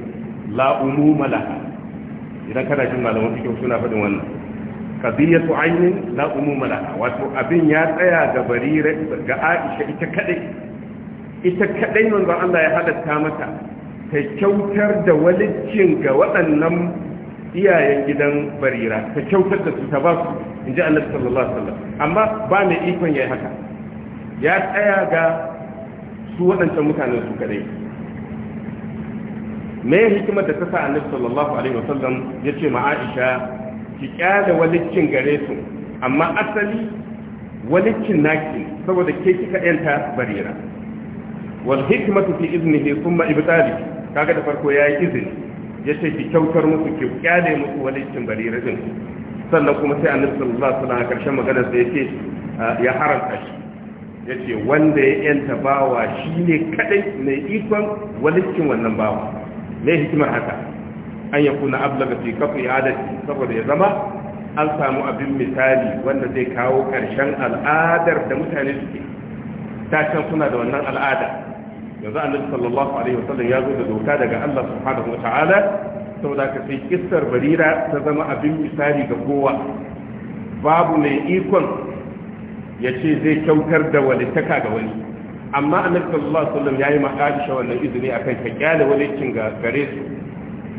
la umuma laha idan kana jin malaman fiqh suna faɗin wannan qadiyatu aynin la umuma laha wato abin ya tsaya ga barira ga Aisha ita kadai ita kadai manzon Allah ya halatta mata ta kyautar da walicin ga waɗannan iyayen gidan barira ta kyautar da su ta ba su inji sallallahu alaihi wasallam amma ba mai ikon yayi haka ya tsaya ga su waɗancan mutanen su kadai me hikimar da ta annabi sallallahu alaihi ya ce ma Aisha ki kyale walicin gare su amma asali walicin naki saboda ke kika yanta barira wal hikmatu fi iznihi thumma ibtali kaga da farko yayi izini yace ki kyautar musu ki kyale musu walicin barira din sannan kuma sai annabi sallallahu alaihi wasallam karshen maganar sa yace ya haranta shi yace wanda ya yanta bawa shine kadai mai ikon walicin wannan bawa ne hikimar haka an yakuna ablaga fi kafi adati saboda ya zama an samu abin misali wanda zai kawo ƙarshen al'adar da mutane suke tashin suna da wannan al'ada yanzu annabi sallallahu alaihi wasallam ya zo da doka daga Allah subhanahu wataala saboda ka sai Kistar barira ta zama abin misali ga kowa babu mai ikon ya ce zai kyautar da walittaka ga wani amma annabi sallallahu alaihi wasallam yayi ma Aisha wannan izini akan ka kyale walicin ga gare su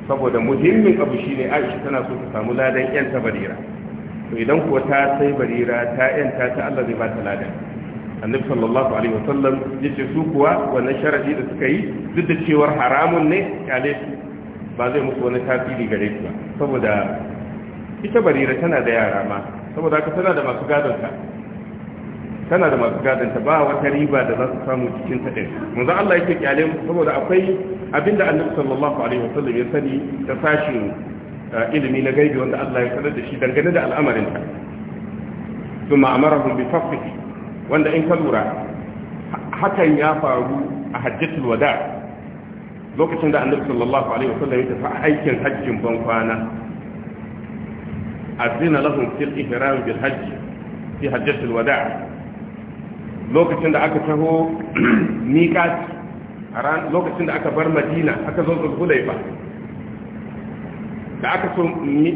saboda muhimmin abu shine Aisha tana so ta samu ladan yanta barira to idan kuwa ta sai barira ta yanta ta Allah zai ba ta ladan annabi sallallahu alaihi wa sallam yace su kuwa wannan sharadi da suka yi duk da cewar haramun ne kale su ba zai musu wani tasiri gare su ba saboda ita barira tana da yara ma saboda haka tana da masu gadon ta tana da masu gadanta ba wata riba da za su samu cikin ta ɗin manzo Allah yake kyale saboda akwai abinda annabi sallallahu alaihi wasallam ya sani ta sashin eh, ilimi na gaibi wanda Allah ya sanar da shi dangane da al'amarin ta kuma amarahum bi fasfihi wanda in ka lura hakan ya faru a hajjatul wada lokacin da annabi sallallahu alaihi wasallam ya tafi aikin hajjin ban kwana azina lahum fil ihram bil hajj fi hajjatul wada' lokacin da aka taho miƙati a ran lokacin da aka bar madina aka zo ba, da aka so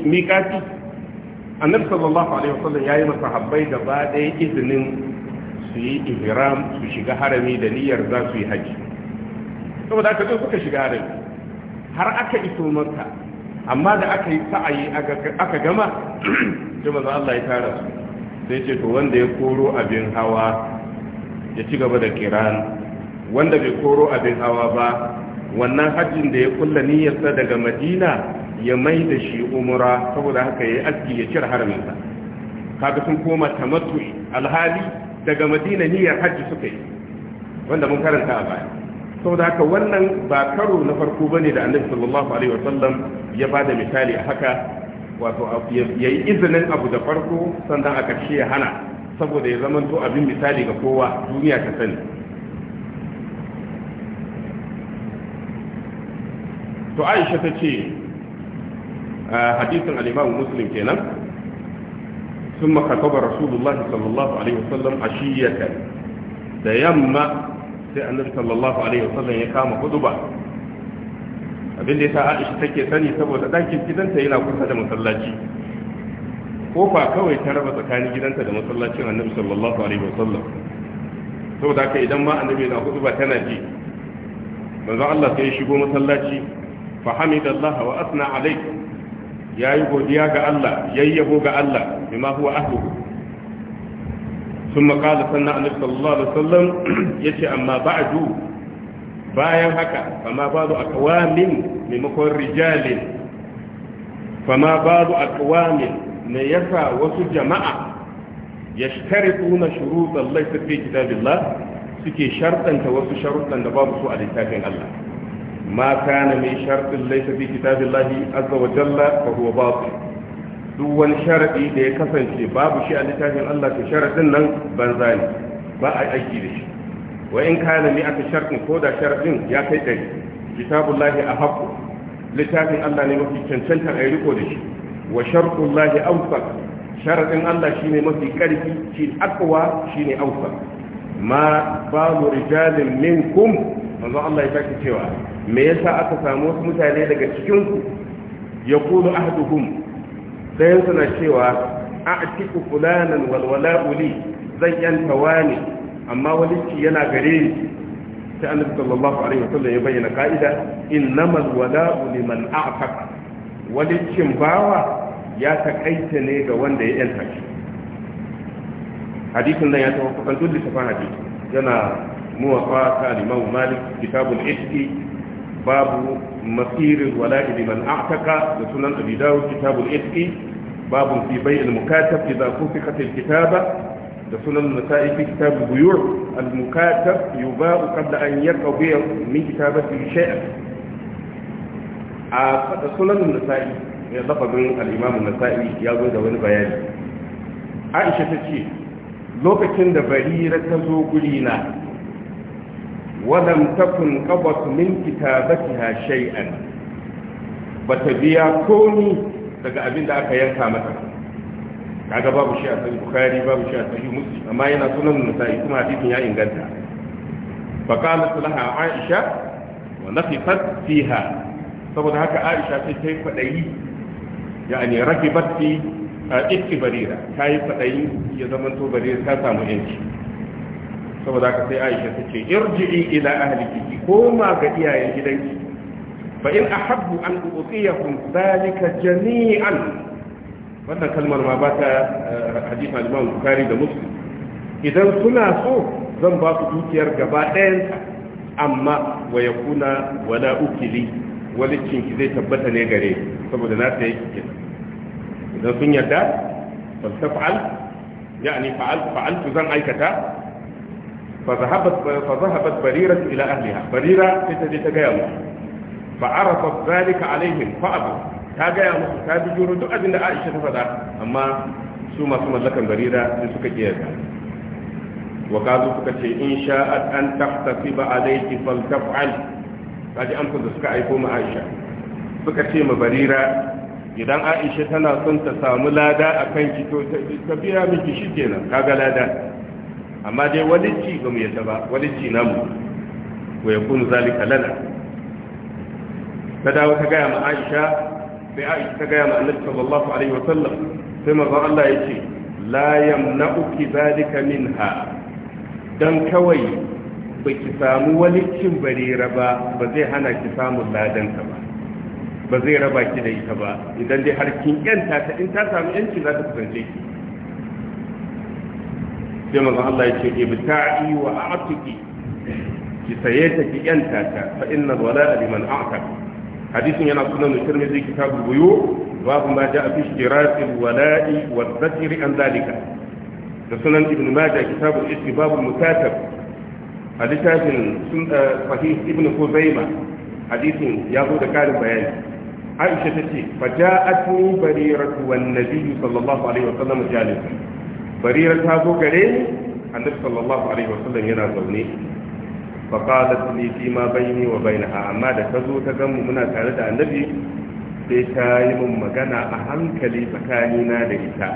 miƙati annabi sallallahu alaihi wasallam yayi da gaba ɗaya izinin su yi ihram su shiga harami da niyyar za su yi haji saboda aka zo suka shiga harami har aka iso maka amma da aka yi sa'ayi aka gama sai manzo Allah ya tara su sai ce to wanda ya koro abin hawa ya ci gaba da kiran wanda bai koro abin hawa ba wannan hajjin da ya kulla niyyarsa daga madina ya mai da shi umura saboda haka ya yi aski ya cire haraminsa kaga sun koma tamattu'i alhali daga madina niyyar hajji suka yi wanda mun karanta a baya saboda haka wannan ba karo na farko bane da annabi sallallahu alaihi wasallam ya bada misali a haka wato yi izinin abu da farko sannan a ƙarshe ya hana saboda ya zama to abin misali ga kowa duniya ta sani to aisha ta ce ah, hadisin alimamu muslim kenan sun makakaba rasulullahi sallallahu alaihi wasallam a shiyyata. da yamma sai annabi sallallahu alaihi wasallam ya kama huduba abin da ya sa aisha take sani saboda ɗakin gidanta yana kusa da masallaci kofa kawai ta raba tsakanin gidanta da masallacin annabi sallallahu alaihi wasallam saboda haka idan ma annabi na hudu ba tana ji manzo Allah sai ya shigo masallaci fa hamidallah wa asna alayhi yayi godiya ga Allah yayyabo ga Allah bima huwa ahluhu ثم قال سنة النبي صلى الله عليه وسلم amma أما بعد bayan haka fama ba zu akwamin maimakon rijalin fama ba zu akwamin me yasa wasu jama'a ya yashtarituna shurutan laysa fi kitabillah suke shartanta wasu sharuɗan da babu su a littafin Allah ma na mai shartin laysa fi kitabillahi azza wa jalla fa huwa batil duk wani sharadi da ya kasance babu shi a littafin Allah to sharadin nan banza ne ba a aiki da shi wa in na mi aka shartin ko da sharadin ya kai Kitabun Lahi a haku. littafin Allah ne mafi cancanta a yi riko da shi wa shartun lahi awsaq sharadin Allah shine mafi karfi shi akwa shine awsaq ma babu rijalin minkum manzo Allah ya sake cewa me yasa aka samu wasu mutane daga cikin ku yaqulu ahaduhum sai suna cewa a'tiku fulanan wal wala'u zan yanta wani amma walici yana gare ni sai annabi sallallahu alaihi wasallam ya bayyana ka'ida innamal wala'u liman a'taqa walicin bawa ya takaita ne ga wanda ya yanta shi hadisin nan ya tawo kusan duk littafin hadisi yana muwafa ta limamu malik kitabun iski babu masirin wala iliman a'taka da sunan abi kitabun iski babu fi bai'il mukatab idza kufikat al-kitaba da sunan nasa'i fi kitab al-buyur al-mukatab yubabu qabla an yaqdiya min kitabar kitabati shay'an a sunan nasa'i ya min al'imamun nasa'i ya zo da wani bayani aisha ta ce lokacin da barira ta zo gurina walam takun qabas min kitabatiha shay'an ta biya komi daga abin da aka yanka mata kaga babu shi a sahih bukhari babu shi a sahih muslim amma yana sunan nasa'i kuma hadisin ya inganta fa qalat laha aisha wa nafifat fiha saboda haka aisha sai ta yi faɗayi, ya ne rafi batti a ikki barira ta yi faɗayi, ya zamanto barira ta samu yanci saboda haka sai aisha ta ce irji'i ila ahliki ki koma ga iyayen gidanki fa in ahabbu an uqiyahum zalika jami'an wannan kalmar ma ba ta hadisi al-Imam Bukhari da Muslim idan suna so zan ba su dukiyar gaba ɗayan amma wa yakuna wala ukili walicin ki zai tabbata ne gare saboda na ta yake kenan idan sun yarda fal taf'al yani fa'al fa'altu zan aikata fa zahabat barira su barira ila ahliha barira sai ta je ta ga yamu fa arafa zalika alaihim fa abu ta gaya yamu ta bi juro duk abin da Aisha ta faɗa amma su masu mallakan barira sai suka kiyarta wa kazu suka ce in sha'at an tahtasiba alayki fal taf'al kaji amsar da suka aiko ma Aisha suka ce ma Barira idan Aisha tana son ta samu lada a kan ki to ta biya miki shi shikenan kaga lada amma dai walici ba mu yadda ba walici namu wa yakunu zalika lana ta dawo ta gaya ma Aisha sai Aisha ta gaya ma Annabi sallallahu alaihi wa sallam sai manzo Allah ya ce la yamna'uki zalika minha dan kawai ba ki samu wani cin barira ba ba zai hana ki samun ladanta ba ba zai raba ki da ita ba idan dai har kin yanta ta in ta samu yanci za ta kusance ki sai mazan Allah ya ce ibta'i wa a'tiki ki saye ta ki yanta ta fa inna wala'a liman a'taka حديث ينا سنن الترمذي Babu البيوع باب ما جاء في wa الولاء والذكر عن ذلك سنن ابن ماجه كتاب الاسم باب المكاتب a littafin sun eh, sahih ibn kuzaima hadisin ya zo da karin bayani aisha ta ce fa ja'atni bariratu wan nabiy sallallahu alaihi wa sallam jalis barira ta zo gare ni annabi sallallahu alaihi wa sallam yana zaune fa qalat li fi ma bayni wa bainaha amma da ta zo ta gamu muna tare da annabi sai ta yi mun magana a hankali tsakanina da ita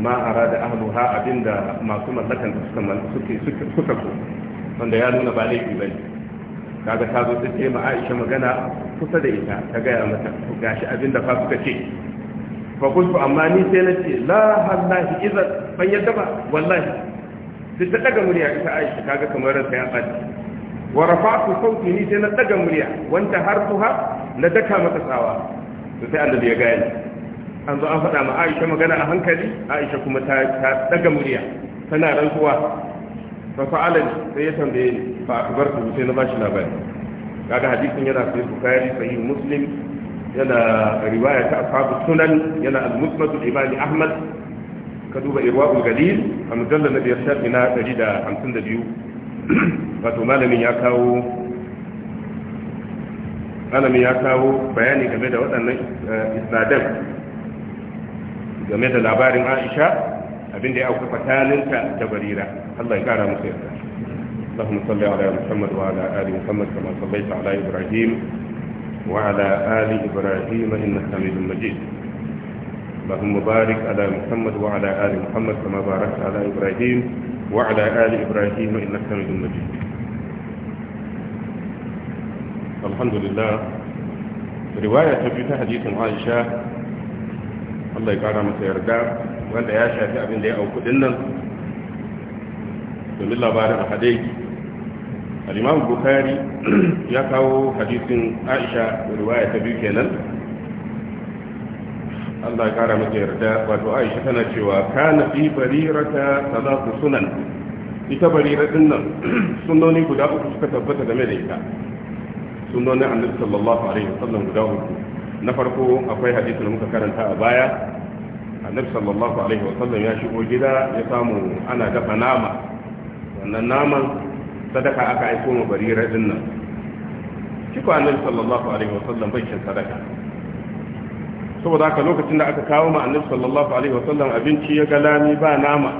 ma arada ahluha abinda masu mallakan suka suka suka wanda ya nuna ba laifi bane kaga ta zo ta ma Aisha magana kusa da ita ta gaya mata gashi abinda fa suka ce fa kuntu amma ni sai na ce la hallahi idan ban yadda ba wallahi sai ta daga murya ita Aisha kaga kamar ranta ya fadi wa rafa'tu sawti ni sai na daga murya har harfuha na daka mata tsawa. to sai Allah ya gaya an zo an faɗa ma Aisha magana a hankali Aisha kuma ta daga murya tana rantsuwa fa fa'alani sai ya tambaye ni fa akbartu sai na bashi labari kaga hadisin yana sai bukhari sahih muslim yana riwaya ta ashabu sunan yana al-musnad al-imam ahmad ka duba irwaul galil a mujalla na biyar sharhi na 152 wato malamin ya kawo malamin ya kawo bayani game da waɗannan eh, isnadan game da labarin aisha abin ya auku tsakaninta da barira Allah ya kara musu yarda اللهم صل على محمد وعلى آل محمد كما صليت على إبراهيم وعلى آل إبراهيم إنك حميد مجيد اللهم بارك على محمد وعلى آل محمد كما باركت على إبراهيم وعلى آل إبراهيم إنك حميد مجيد الحمد لله رواية في حديث عائشة الله يقرأ مسيرك wanda ya shafi abin da ya auku dinnan domin labarin a hadai al-imam bukhari ya kawo hadisin aisha riwaya ta biyu kenan Allah ya kara mata yarda wato Aisha tana cewa kana fi barirata sadaqu sunan ita barira din nan sunnoni guda uku suka tabbata game da ita sunnonin Annabi sallallahu alaihi wasallam guda uku na farko akwai hadisin da muka karanta a baya annabi sallallahu alaihi wasallam ya shigo gida ya samu ana dafa nama wannan naman sadaka aka aiko ma barira din nan shi annabi sallallahu alaihi wasallam bai cin sadaka saboda haka lokacin da aka kawo ma annabi sallallahu alaihi wasallam abinci ya ga lami ba nama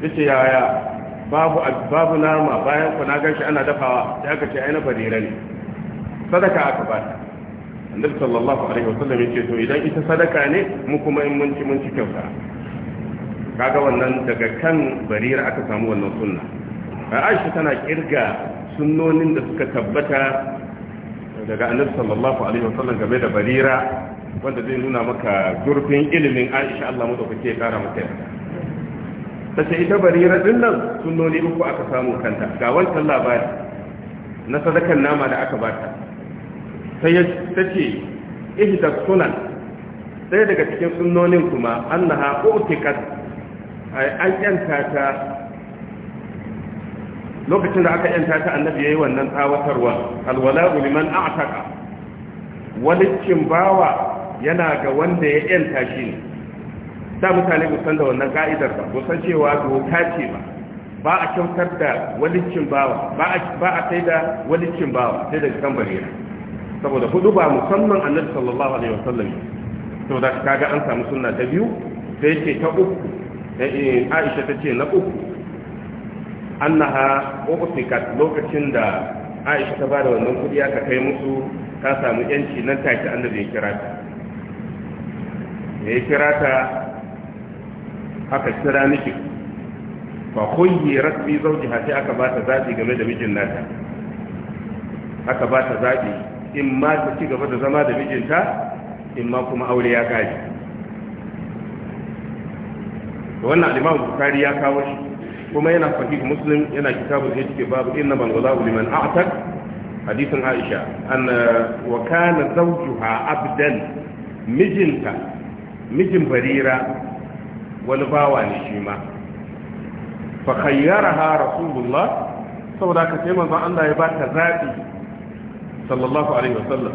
yace yaya babu babu nama bayan ku na gashi ana dafawa sai aka ce ai na barira ne sadaka aka ba annabi sallallahu alaihi wasallam yake to idan ita sadaka ne mu kuma in mun ci mun ci kyauta kaga wannan daga kan barira aka samu wannan sunna Aisha tana kirga sunnonin da suka tabbata daga annabi sallallahu alaihi wasallam game da barira wanda zai nuna maka zurfin ilimin Aisha Allah mu da kake kara maka tace ita barira din nan sunnoni uku aka samu kanta ga wancan labari na sadakan nama da aka bata ta ce ihda sunan sai daga cikin sunnonin kuma annaha utikat ay an yanta ta lokacin da aka yanta ta annabi yayi wannan tawatarwa alwala'u liman a'taqa walicin bawa yana ga wanda ya yanta shi ne da mutane san da wannan ka'idar ba san cewa doka ce ba ba a kyautar da walicin bawa ba a sai da walicin bawa sai da kan saboda hudu ba musamman annabi sallallahu alaihi wasallam to da kaga an samu sunna ta biyu sai ce ta uku eh, eh, Aisha ta ce na uku annaha uqtikat lokacin da Aisha ta bada wannan kudi aka kai musu ta samu yanci nan take annabi ya kira ta ya kira ta aka kira miki fa khuyyi bi zawjiha sai aka ba ta zabi game da mijin nata aka ba ta zabi in ma ta ci gaba da zama da mijinta in ma kuma aure ya kaji wannan al-imam ya kawo shi kuma yana sahih muslim yana kitabul cike babu inna man walahu liman a'taq hadisin aisha an wa kana zawjuha abdan mijinta mijin barira wani bawa ne shi ma fa khayyaraha rasulullah saboda ka sai Allah ya bata zabi sallallahu alaihi wasallam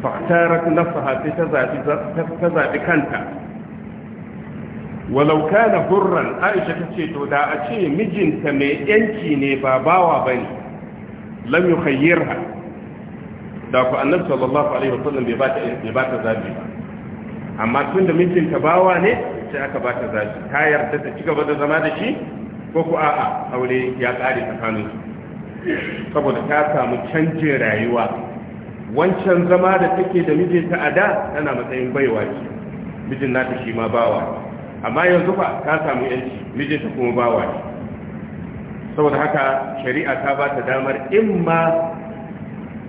fa'tarat nafsaha sai ta zabi ta zabi kanta walau kana hurran Aisha tace to da a ce mijinta mai yanci ne ba bawa bane lam yukhayyirha da ku annabi sallallahu alaihi wasallam bai ba ta bai ba ta zabi ba amma tunda mijinta bawa ne sai aka ba ta zabi ta yarda ta ci gaba da zama da shi ko ku a'a aure ya kare su. saboda ta samu canjin rayuwa wancan zama da take da mijinta a da tana matsayin baiwa ce mijin nata shi ma bawa amma yanzu ba ta samu yanci mijinta kuma bawa ce. saboda haka shari'a ta ba ta damar in ma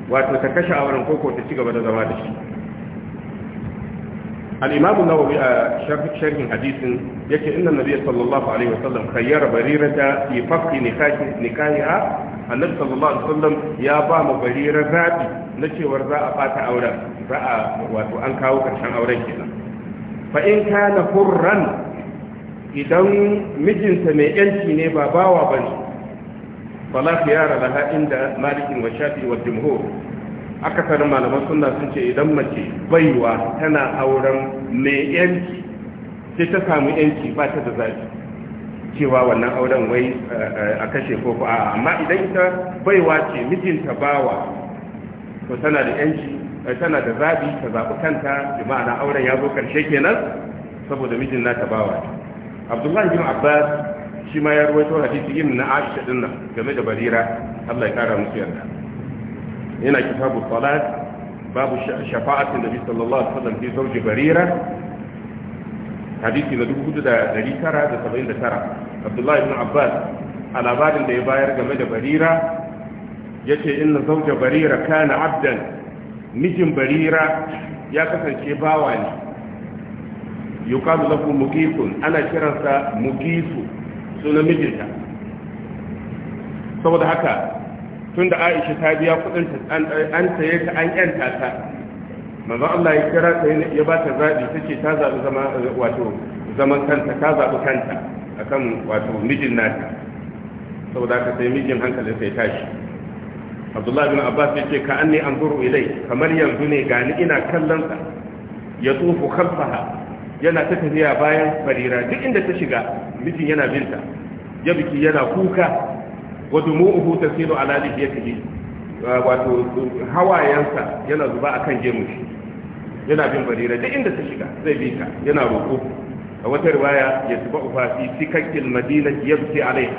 wato ta kashe auren koko ta ci gaba da zama da shi الإمام النووي شرح شرح حديث يكي إن النبي صلى الله عليه وسلم خير بريرة في فقه نكاحها annabi sallallahu alaihi wasallam ya ba mu barira zabi na cewar za a fata auren za a wato an kawo karshen auren kenan fa in kana hurran idan mijinta mai yanci ne ba bawa bane fala khiyara laha inda malikin wa shafi wa jumhur akasarin malaman sunna sun ce idan mace baiwa tana auren mai yanci sai ta samu yanci ba ta da zabi cewa wannan auren wai eh, a kashe ko ko amma idan ita baiwa ce mijinta bawa ko tana da yanci eh, tana da zabi ta zaɓi kanta bi ma'ana auren ya zo ƙarshe kenan saboda mijin na nata bawa Abdullahi bin Abbas shi ma ya ruwaito hadisi yin na Aisha din nan game da Barira Allah ya kara musu yarda yana kitabu salat babu shafa'atin da nabi sallallahu alaihi wasallam fi zawji Barira hadisi na 4979 abdullahi ibn abbas a labarin da ya bayar game da barira ya ce inna zauja barira kana abdan mijin barira ya kasance bawa ne yukalu lahu mugisun ana kiransa mugisu sunan mijinta saboda haka tun da aisha ta biya kudin an taye ta an yanta ta manzon Allah ya kira ta ya ba ta zabi take ta zabi zama wato zaman kanta ta zabi kanta akan wato mijin nata saboda ka sai mijin hankalin sai tashi Abdullah bin Abbas yace ka anni anzuru ilai kamar yanzu ne gani ina kallon sa ya tufu khalfaha yana ta tafiya bayan farira duk inda ta shiga mijin yana binta ya biki yana kuka wa dumu'uhu tasiru ala lihiyatihi Ah, wato hawayensa yana zuba a kan gemu shi yana bin barira duk inda ta shiga zai bi ka yana roƙo a wata riwaya ya tuba ufafi fi Madina, madina fi alai,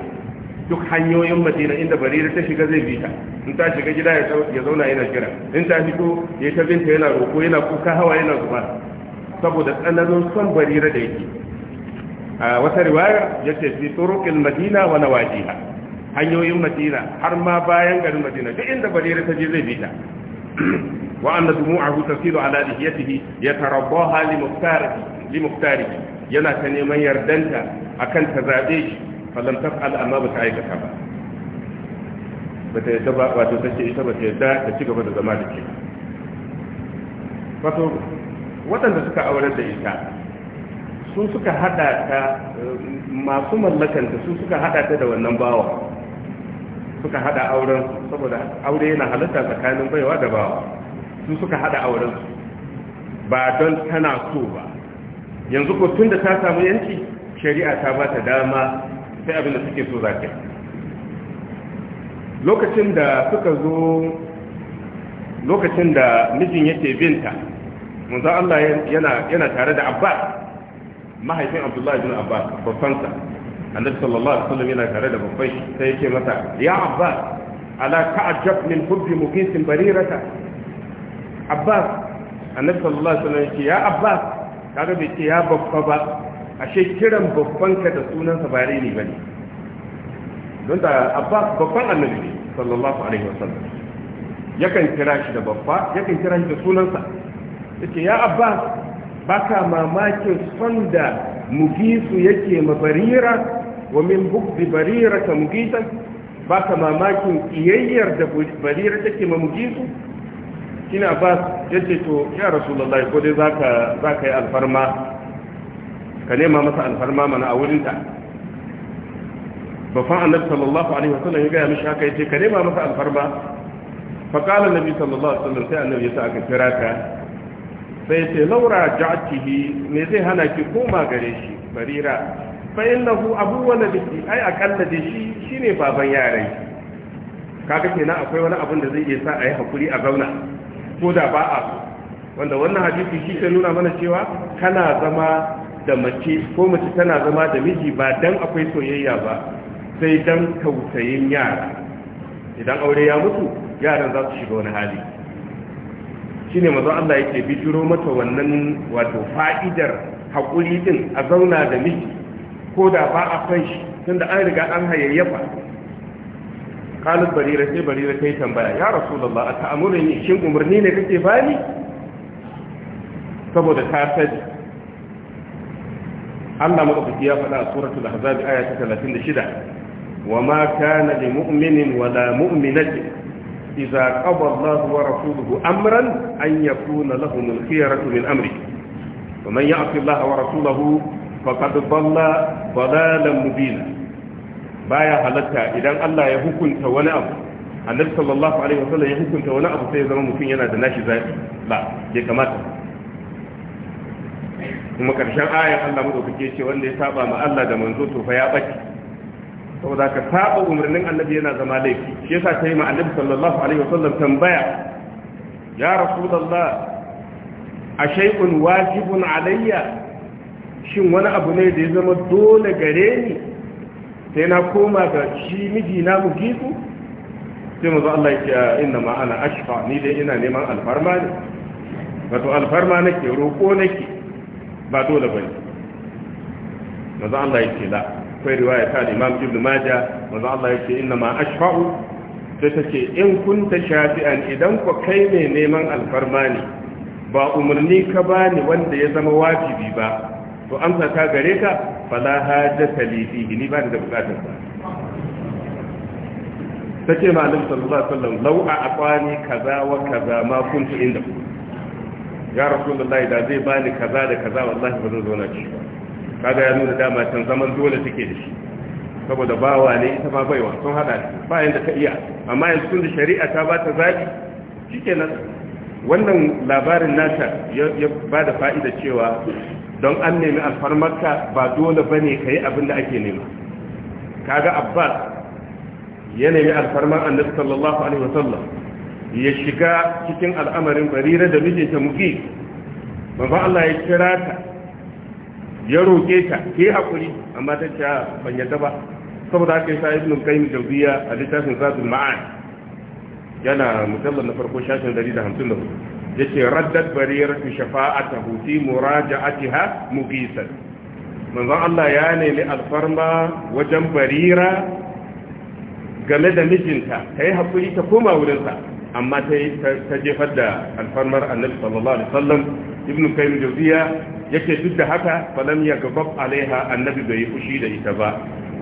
duk hanyoyin madina inda barira ta shiga zai bi ka in ta shiga gida ya zauna yana jira in ta fito ya ta binta yana roƙo yana kuka hawa yana zuba saboda tsananin son barira da yake a wata riwaya ya ce fi turuqil madina wa nawajiha hanyoyin madina har ma bayan garin madina duk inda barira ta je zai bi ta wa anna dumu'ahu tasilu ala lihiyatihi yatarabbaha li muftarihi li muftarihi yana ta neman yardanta akan ta zabe shi falam taf'al amma ba ta aikata ba bata yadda ba wato ce ita bata yadda ta ci gaba da zama da ke wato waɗanda suka aurar da ita sun suka hada ta masu mallakanta sun suka hada ta da wannan bawa suka hada auren saboda aure yana halitta tsakanin baiwa da bawa su suka hada auren ba don tana so ba yanzu ko tun da ta samu yanci shari'a ta ba ta dama sai abin da suke so za ta lokacin da suka zo lokacin da mijin yake binta manzo Allah yana tare da Abba mahaifin Abdullahi bin Abbas babban sa annabi sallallahu alaihi wasallam yana tare da babban shi sai yake masa ya abbas ala ta'ajjab min hubbi muqisin barirata abbas annabi sallallahu alaihi wasallam yake ya abbas kaga bai ce ya babba ba ashe kiran babban ka da sunansa ba rini bane don da abbas babban annabi sallallahu alaihi wasallam yakan kira shi da babba yakan kira shi da sunansa yake ya abbas baka mamakin son da mugisu yake mabarira wa min bukdi barira ta mugisan ba ka mamakin iyayyar da barira take ma mugisu kina ba ya ce to ya rasulullahi ko dai za ka yi alfarma ka nema masa alfarma mana a wurinta bafan annabi sallallahu alaihi wasallam ya gaya mishi haka ya ce ka nema masa alfarma faƙalar nabi sallallahu alaihi wasallam sai annabi ya sa aka kira ka sai ya ce laura ja'atihi me zai hana ki koma gare shi barira fa ku abu waladihi ai akalla da shi shine baban yaran kaga kenan akwai wani abin da zai iya sa a yi hakuri a zauna ko da ba a wanda wannan hadisi shi ke nuna mana cewa kana zama da mace ko mace tana zama da miji ba dan akwai soyayya ba sai dan tausayin yara idan aure ya mutu yaran za su shiga wani hali shine mazo Allah yake bijiro mata wannan wato fa'idar hakuri din a zauna da miji ko da ba a san shi Tun da an riga an hayayyafa kalin barira sai barira ta yi tambaya ya rasu da rasulullah a ta'amurin ne, shin umarni ne kake bani saboda ta sani Allah madaukaki ya faɗa a suratul ahzab aya ta shida. wa ma kana li mu'minin wa da la mu'minatin idza qada Allah wa rasuluhu amran an yakuna lahunin al-khiyaratu min amri wa man ya'ti Allah wa rasulahu faqad dalla dalalan mubina ya halatta idan Allah ya hukunta wani abu annabi sallallahu alaihi wasallam ya hukunta wani abu sai ya zama mutum yana da nashi zabi la ya kamata kuma karshen ayar Allah madaukake ce wanda ya saba ma Allah da manzo to fa ya baki saboda ka saba umarnin annabi yana zama laifi shi yasa yi ma annabi sallallahu alaihi wasallam tambaya ya rasulullah a shay'un wajibun alayya shin wani abu ne da ya zama dole gare ni sai na koma ga shi miji na mu gizu sai mu zo Allah ya ce inna ma ana ashfa ni dai ina neman alfarma ne wato alfarma nake roƙo nake ba dole bane Maza Allah ya ce la akwai riwaya ta Imam Ibn Majah Maza Allah ya ce inna ma ashfa'u sai ta ce in kunta shafi'an idan ku kai ne neman alfarma ne ba umarni ka bani wanda ya zama wajibi ba to amsa ta gare ka fala hajjata li fihi ni ba da bukatar sa take malam sallallahu alaihi wasallam law a aqani kaza wa kaza ma kuntu inda ya rasulullahi da zai bani kaza da kaza wallahi ba zan zauna ci kaga ya nuna dama can zaman dole take da shi saboda bawa ne ita ma baiwa sun hada ba yanda ka iya amma yanzu tun da shari'a ta ba ta zabi shikenan wannan labarin nasa ya ba da fa'ida cewa don an nemi alfarmarka ba dole ba ne ka yi abin da ake nema kaga abbas ya nemi alfarmar annabi sallallahu alaihi wasallam ya shiga cikin al'amarin barira da mijinta mugi babban allah ya kira ta ya roƙe ta ke haƙuri amma ta ce ah, ban yadda ba saboda haka yasa ibn qayyim jawziya a littafin zadul ma'ad yana mujallal na farko da 154 yace raddat bariyatu shafa'atahu fi muraja'atiha muqisan manzon Allah ya nemi alfarma wajen barira game da mijinta yi haƙuri ta koma wurinsa amma ta jefar da alfarmar annabi sallallahu alaihi Ibn ibnu qayyim ya yake duk da haka falam ya gabab alaiha annabi bai yi fushi da ita ba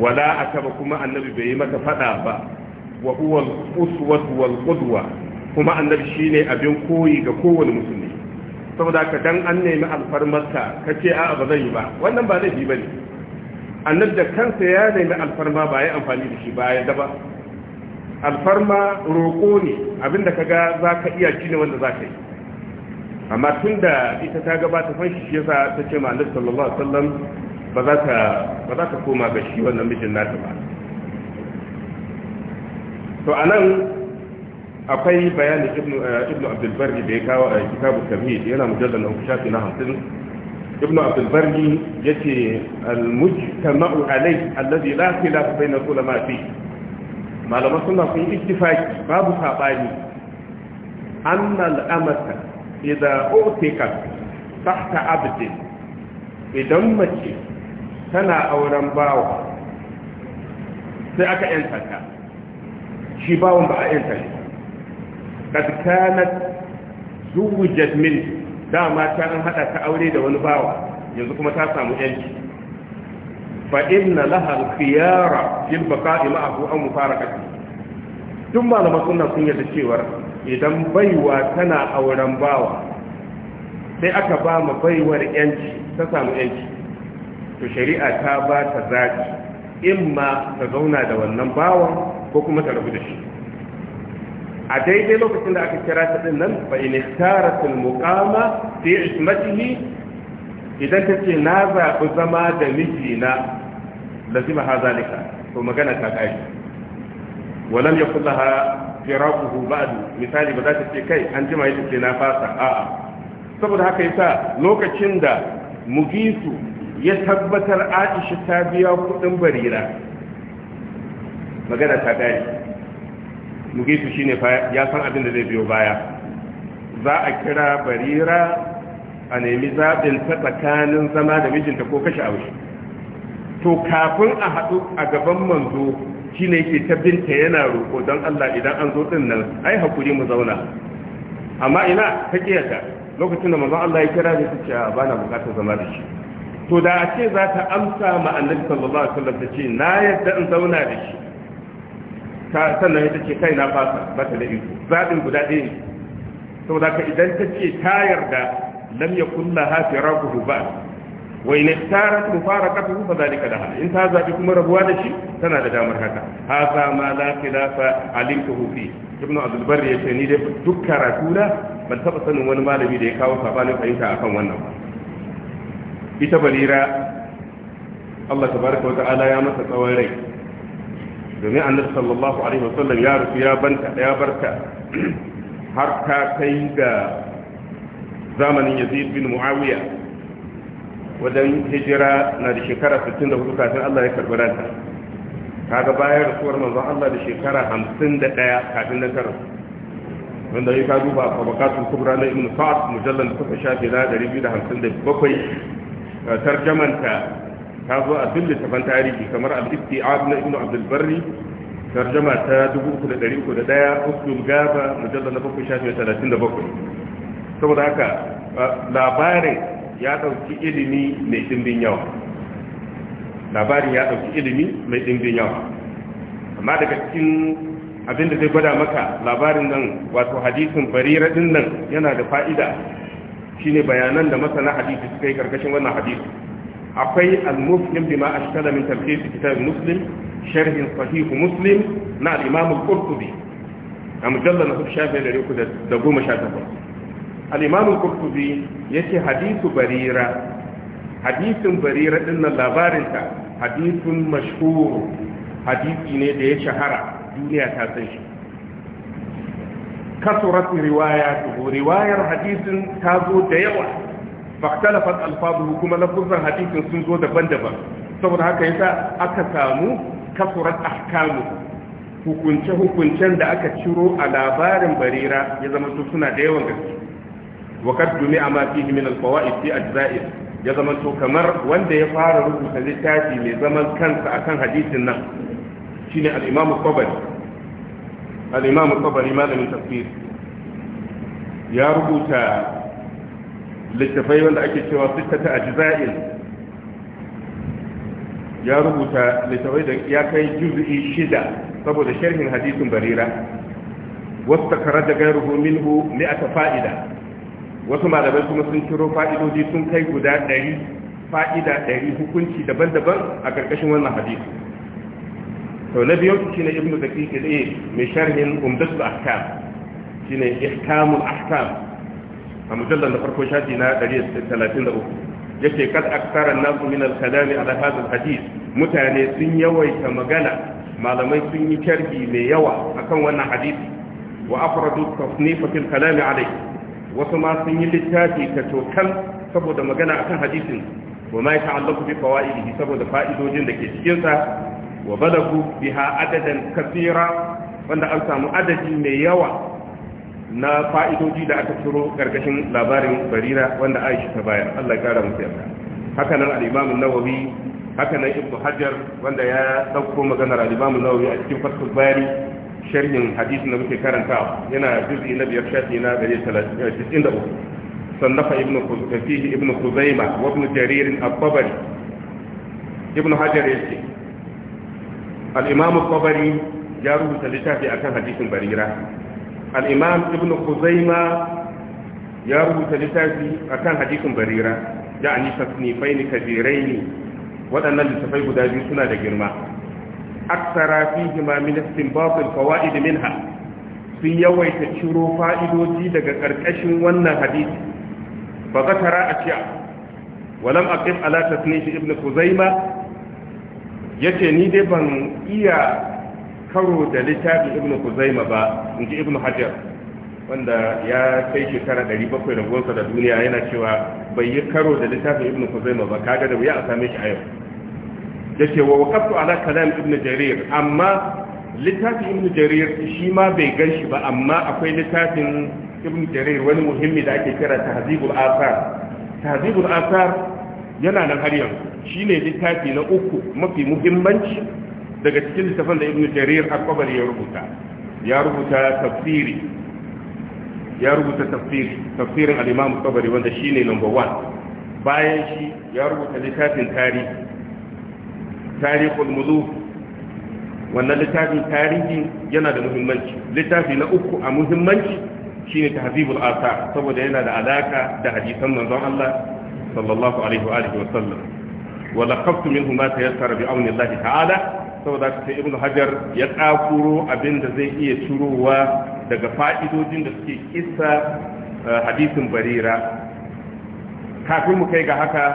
wala akaba kuma annabi bai yi mata fada ba wa huwa uswatu wal qudwa kuma annabi shine abin koyi ga kowane musulmi saboda ka dan an nemi alfarmarsa kace a ba zan yi ba wannan ba laifi bane annabi da kansa ya nemi alfarma ba ya amfani da shi ba ya daba alfarma roƙo ne abinda kaga zaka iya shi ne wanda zaka yi amma da ita ta gabata fanshi shi yasa ta ce ma sallallahu alaihi wasallam ba za ta koma ga shi wannan mijin nata ba to anan akwai bayanin ibnu eh, abdulbarni da ya kawo a kitabu tamhid yana mujallar na shafi na hamsin ibnu abdulbarni ya ce almujtama'u alai allazi la khilafa bayna ulama fi malaman sunna sun ittifaqi babu sabani anna al-amata idza utika tahta abd idan mace tana auren bawa sai aka yanta ta shi bawon ba a yanta shi kad kanat zuwujat min dama ta an hada ta aure da wani bawa yanzu kuma ta samu yanci fa inna laha al-khiyara fil baqa'i ma'ahu aw mufarakati tun malaman sunna sun yarda cewa idan baiwa tana auren bawa sai aka ba mu baiwar yanci ta samu yanci to shari'a ta ba ta zaki imma ta zauna da wannan bawan ko kuma ta rabu da shi a daidai lokacin da aka kira ta din nan fa in ikhtaratul muqama fi ismatihi idan ta ce na zaɓi zama da mijina lazima ha zalika to magana ta kai walam yakul laha firaquhu ba'du misali ba za ta ce kai an jima ita ce na fasa a'a saboda haka yasa lokacin da mugisu ya tabbatar Aisha ta biya kuɗin barira magana ta kai mugisu shine ya san abin da zai biyo baya za a kira barira a nemi zaɓin ta tsakanin zama da mijinta ko kashe aure to kafin a haɗu a gaban manzo shi ne ke tabbinta yana roƙo don Allah idan an zo ɗin nan ai haƙuri mu zauna amma ina ta ƙiyata lokacin da manzo Allah ya kira da su ce ba na buƙatar zama da shi to da a ce za ta amsa ma annabi sallallahu alaihi wasallam ta ce na yadda in zauna da shi ta sannan ita ce kai na fasa ba ta da iko zaɓin guda ɗaya ne saboda ka idan ta ce ta yarda lam ya kulla hafi rakuhu ba wa in tara tu fara ka tu fa da daha in ta zabi kuma rabuwa da shi tana da damar haka haza ma la khilafa alimtuhu fi ibnu abdul ya ce ni dai duk karatu da ban taba sanin wani malami da ya kawo sabanin fahimta akan wannan ba ita barira Allah tabaraka wa ta'ala ya masa tsawon rai domin annabi sallallahu alaihi wasallam ya rufu ya banta ya barta har ta kai ga zamanin yazid bin muawiya wajen hijira na da shekara 64 kafin Allah ya karbi ranta kaga bayan rasuwar manzon Allah da shekara 51 kafin nan karar wanda ya duba a tabakatul kubra na ibn sa'd mujallal kuka shafi na 257 tarjamanta ta zo a duk littafan tarihi kamar al-isti'ab na ibnu abdul barri tarjama ta 3301 usul gaba mujallal na 37 saboda haka labarin ya dauki ilimi mai dimbin yawa labarin ya dauki ilimi mai dimbin yawa amma daga cikin abin da zai gwada maka labarin nan wato hadisin barira din nan yana da fa'ida shine bayanan da masana hadisi suka yi karkashin wannan hadisi akwai al-muslim bima ashkala min tafsir kitab muslim sharh sahih muslim na al-imam al-qurtubi a mujallal na shafi da riku da goma sha takwas al-imam al-qurtubi yace hadithu barira hadithun barira dinnan nan labarin ta hadithun mashhur hadisi ne da ya shahara duniya ta san shi kasurat riwaya riwayar hadisin ta zo da yawa faktalafat alfabuhu kuma lafuzan hadisin sun zo daban-daban saboda haka yasa aka samu kasurat ahkamu hukunce hukuncen da aka ciro a labarin barira ya zama su suna da yawan gaske wa qad dumi'a ma fihi min alfawaid fi ajza'ih ya zama to kamar wanda ya fara rubuta littafi mai zaman kansa akan hadisin nan shine al-imam al-tabari al-imam al-tabari malamin tafsir ya rubuta littafai wanda ake cewa sittata ajza'in ya rubuta littafai da ya kai juz'i shida saboda sharhin hadisin barira wasu takarar da gairuhu minhu ta fa'ida wasu malamai kuma sun ciro fa'idodi sun kai guda ɗari fa'ida ɗari hukunci daban-daban a ƙarƙashin wannan hadisu. Sau na biyu shi ne ibn zakiq ne eh, mai sharhin umdatul ahkam ne ihkamul ahkam a mujallar na farko shafi na 133 yake kad aktara nasu min al-kalami ala hadha hadith mutane sun yawaita magana malamai sun yi sharhi mai yawa akan wannan hadisi wa afradu tasnifa fil kalami alayhi wasu ma sun yi littafi ta tokan saboda magana akan hadisin wa ma ta'allaqu bi fawaidihi saboda fa'idojin da ke cikin sa wa balagu biha adadan kathira wanda an samu adadi mai yawa na fa'idoji da aka ciro ƙarƙashin labarin barira wanda aisha ta bayar Allah ya kara musu yarda haka nan al nawawi haka nan ibnu hajar wanda ya dauko maganar al nawawi a cikin fathul bayani sharhin hadisi da muke karantawa yana juz'i na biyar shafi na 193 eh, sannafa ibnu khuzafi eh, ibnu khuzaima wa ibnu jarir at-tabari ibnu hajar yace al-imam ya rubuta littafi akan hadisin barira al'imam ibn kuzaima ya rubuta littafi a kan hadisin barira ya ani tasnifai ni kabirai ne waɗannan littafai guda biyu suna da girma aksara fi hima min istinbatul fawaid minha sun yawaita ciro fa'idoji daga ƙarƙashin wannan hadisi ba ga tara a ciya walam aqif ala tasnifi ibn kuzaima yace ni dai ban iya karo da littafin Ibn kuzaima ba in ji Ibn hajar wanda ya kai shekara 700 da gonsa da duniya yana cewa bai yi karo da littafin Ibn kuzaima ba kaga da wuya a same shi a yau yake wa waqaftu ala kalam Ibn jarir amma littafin Ibn jarir shi ma bai gan shi ba amma akwai littafin Ibn jarir wani muhimmi da ake kira tahzibul asar tahzibul asar yana nan har yanzu shine littafi na uku mafi muhimmanci daga cikin littafin da ibn jarir al-qabr ya rubuta ya rubuta tafsiri ya rubuta tafsiri tafsirin al-imam qabri wanda ne number 1 bayan shi ya rubuta littafin tarihi tarihul muzuf wannan littafin tarihi yana da muhimmanci littafi na uku a muhimmanci shine tahzibul asar saboda yana da alaka da hadisan manzon Allah sallallahu alaihi wa alihi wa sallam wa laqabtu minhu ma tayassara bi auni Allah ta'ala saboda ka sai Ibn hajar ya tsakuro abin da zai iya turowa daga fa'idojin da suke kissa eh, hadisin barira kafin mu kai ga haka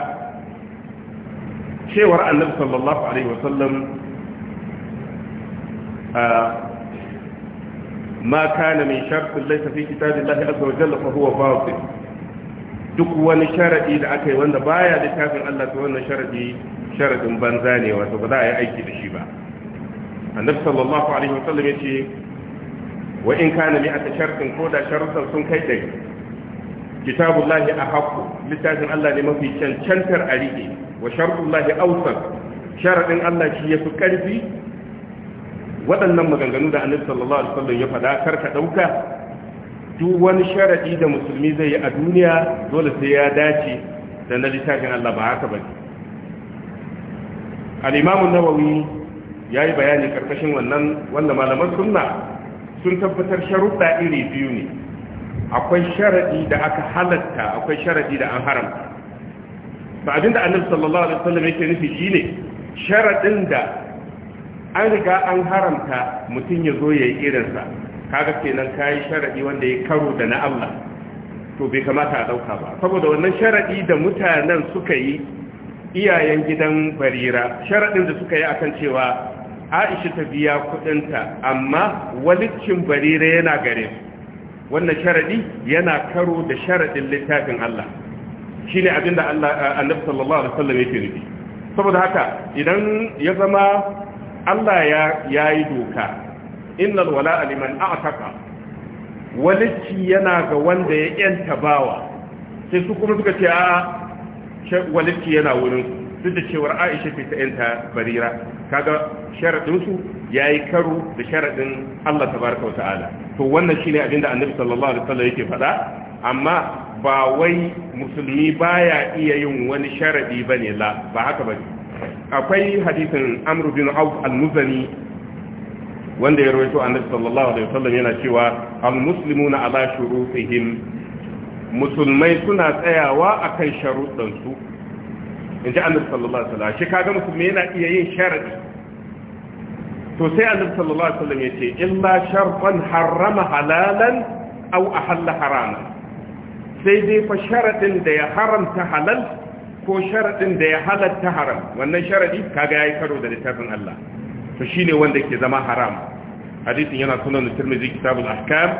cewar annabi sallallahu alaihi wasallam ما كان من شرط ليس في كتاب الله عز وجل huwa باطل duk wani sharadi da aka yi wanda baya littafin Allah to wannan sharadi sharadin banza ne wato ba za a yi aiki da shi ba annabi sallallahu alaihi wa ya ce wa in kana mi aka shartin ko da sharuɗan sun kai ɗari kitabullahi a haku littafin Allah ne mafi cancantar a wa sharuɗullahi ausar sharaɗin Allah shi ya fi ƙarfi waɗannan maganganu da annabi sallallahu alaihi wasallam ya faɗa kar ka ɗauka duk wani sharaɗi da musulmi zai yi a duniya dole sai ya dace da na littafin Allah ba haka bane Alimamu Nawawi ya yi yayi bayani karkashin wannan wanda malaman sunna sun tabbatar sharuɗa iri biyu ne akwai sharaɗi da aka halatta akwai sharaɗi da an haramta ba abinda annabi sallallahu alaihi wasallam yake nufi shine Sharaɗin da an riga an haramta mutum ya zo ya yi irinsa kaga kenan ka yi sharaɗi wanda ya karo da na Allah to bai kamata a ɗauka ba saboda wannan sharaɗi da mutanen suka yi iyayen gidan barira sharaɗin da suka yi akan cewa aisha ta biya kudinta amma walicin barira yana gare wannan sharaɗi yana karo da sharaɗin littafin Allah shi ne abinda annabi sallallahu alaihi wasallam yake nufi saboda haka idan ya zama Allah ya yi doka innal wala'a liman a'taqa walicci yana ga wanda ya yanta bawa sai su kuma suka ce a Walifki yana wurin duk da cewar aisha ce ta yanta barira kaga sharaɗinsu ya yayi karo da sharadin Allah ta wa ta'ala to wannan shine ne da annabi sallallahu alaihi wasallam yake faɗa amma ba wai musulmi baya iya yin wani sharadi ba la ba haka bane akwai hadisin amru bin auf al-muzani wanda ya rawaito annabi sallallahu alaihi wasallam yana cewa al-muslimuna ala shurutihim musulmai suna tsayawa akan sharuɗansu in ji annabi sallallahu alaihi wasallam shi kaga musulmi yana iya yin sharadi to sai annabi sallallahu alaihi wasallam yace illa shartan harrama halalan aw ahalla harama. sai dai fa sharadin da ya haramta halal ko sharadin da ya halatta haram wannan sharadi kaga yayi karo da littafin Allah to shine wanda ke zama haram hadisin yana sunan Tirmidhi kitabul ahkam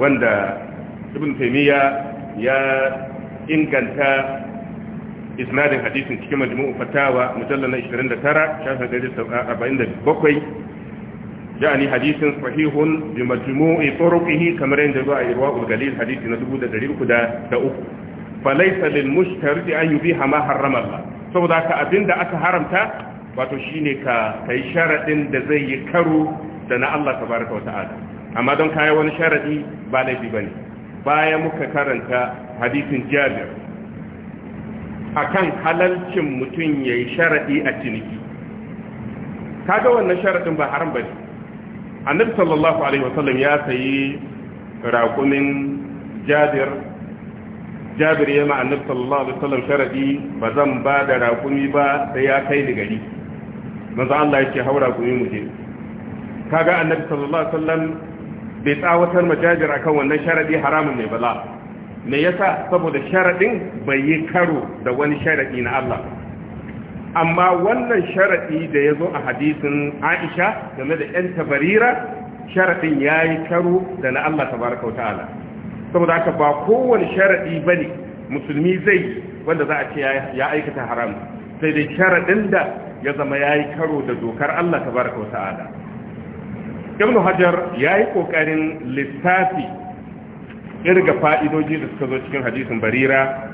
wanda ibn taimiyya ya inganta isnadin hadisin cikin majmu'u fatawa mujallal na 29 shafin 47 yani hadisin sahihun bi majmu'i turuqihi kamar yadda zuwa irwa galil hadisi na 1303 falaysa lil mushtari an yubiha ma harrama Allah saboda ka abinda aka haramta wato shine ka kai sharadin da zai yi karo da na Allah tabaraka wa ta'ala amma don kai wani sharadi ba laifi bane baya muka karanta hadisin jabir akan halalcin mutum ya yi sharaɗi a ciniki kaga wannan sharaɗin ba haram ba ne annabi sallallahu alaihi wasallam ya sayi raƙumin jabir jabir ya ma annabi sallallahu alaihi wasallam sharaɗi ba zan ba da raƙumi ba sai ya kai ni gari Maza Allah ce hau raƙumi mu je kaga annabi sallallahu alaihi wasallam bai tsawatar majajira kan wannan sharaɗi haramun ne bala me yasa saboda sharaɗin bai yi karo da wani sharaɗi na Allah amma wannan sharaɗi da yazo a hadisin Aisha game da yan tabarira ya yi karo da na Allah ta'ala saboda haka ba kowane ba ne, musulmi zai wanda za a ce ya aikata haram sai dai sharaɗin da ya zama yayi karo da dokar Allah tabaraka ta'ala ibn hajar ya yi ƙoƙarin lissafi irga fa'idoji da suka zo cikin hadisin barira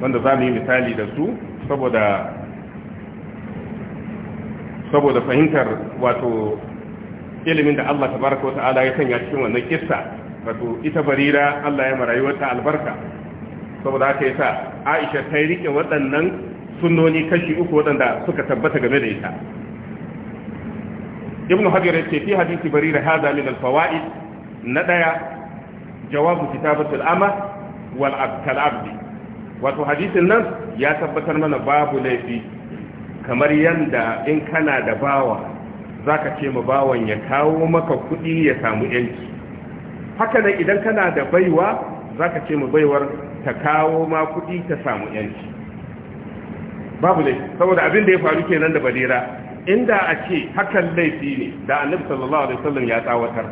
wanda za mu yi misali da su saboda saboda fahimtar wato ilimin da Allah tabaraka wa ta'ala ya sanya cikin wannan kissa wato ita barira Allah ya marayuwarta albarka saboda haka yasa Aisha ta rike waɗannan sunnoni kashi uku waɗanda suka tabbata game da ita ابن حجر yake fi hadisi barira hada min alfawaid na daya jawabu kitabatul ama wal abkal wato hadisin nan ya tabbatar mana babu laifi kamar yanda in kana da bawa ka ce ma bawan ya kawo maka kuɗi ya samu yanci haka nan idan kana da baiwa ka ce ma baiwar ta kawo ma kuɗi ta samu babu laifi saboda abin da ya faru kenan da barira inda a ce hakan laifi ne da annabi sallallahu alaihi wasallam ya tsawatar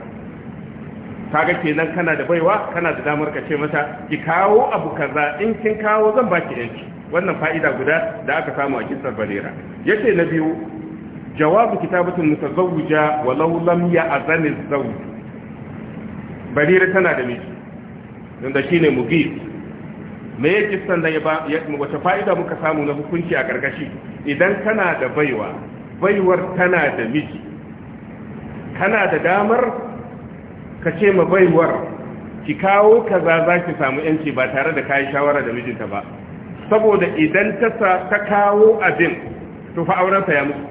kaga kenan kana da baiwa kana da damar ka ce mata ki kawo abu kaza in kin kawo zan baki yanki wannan fa'ida guda da aka samu a kisar balera yace na biyu jawabu kitabatul mutazawwija walau lam ya'zan az-zawj balera tana da miji don da shine mugi me yake san da ya ba wata fa'ida muka samu na hukunci a gargashi idan kana da baiwa baiwar tana da miji kana da damar ka ce ma baiwar ki kawo kaza za ki samu yanci ba tare da kayi shawara da mijinta ba saboda idan ta kawo abin to fa aurensa ya musu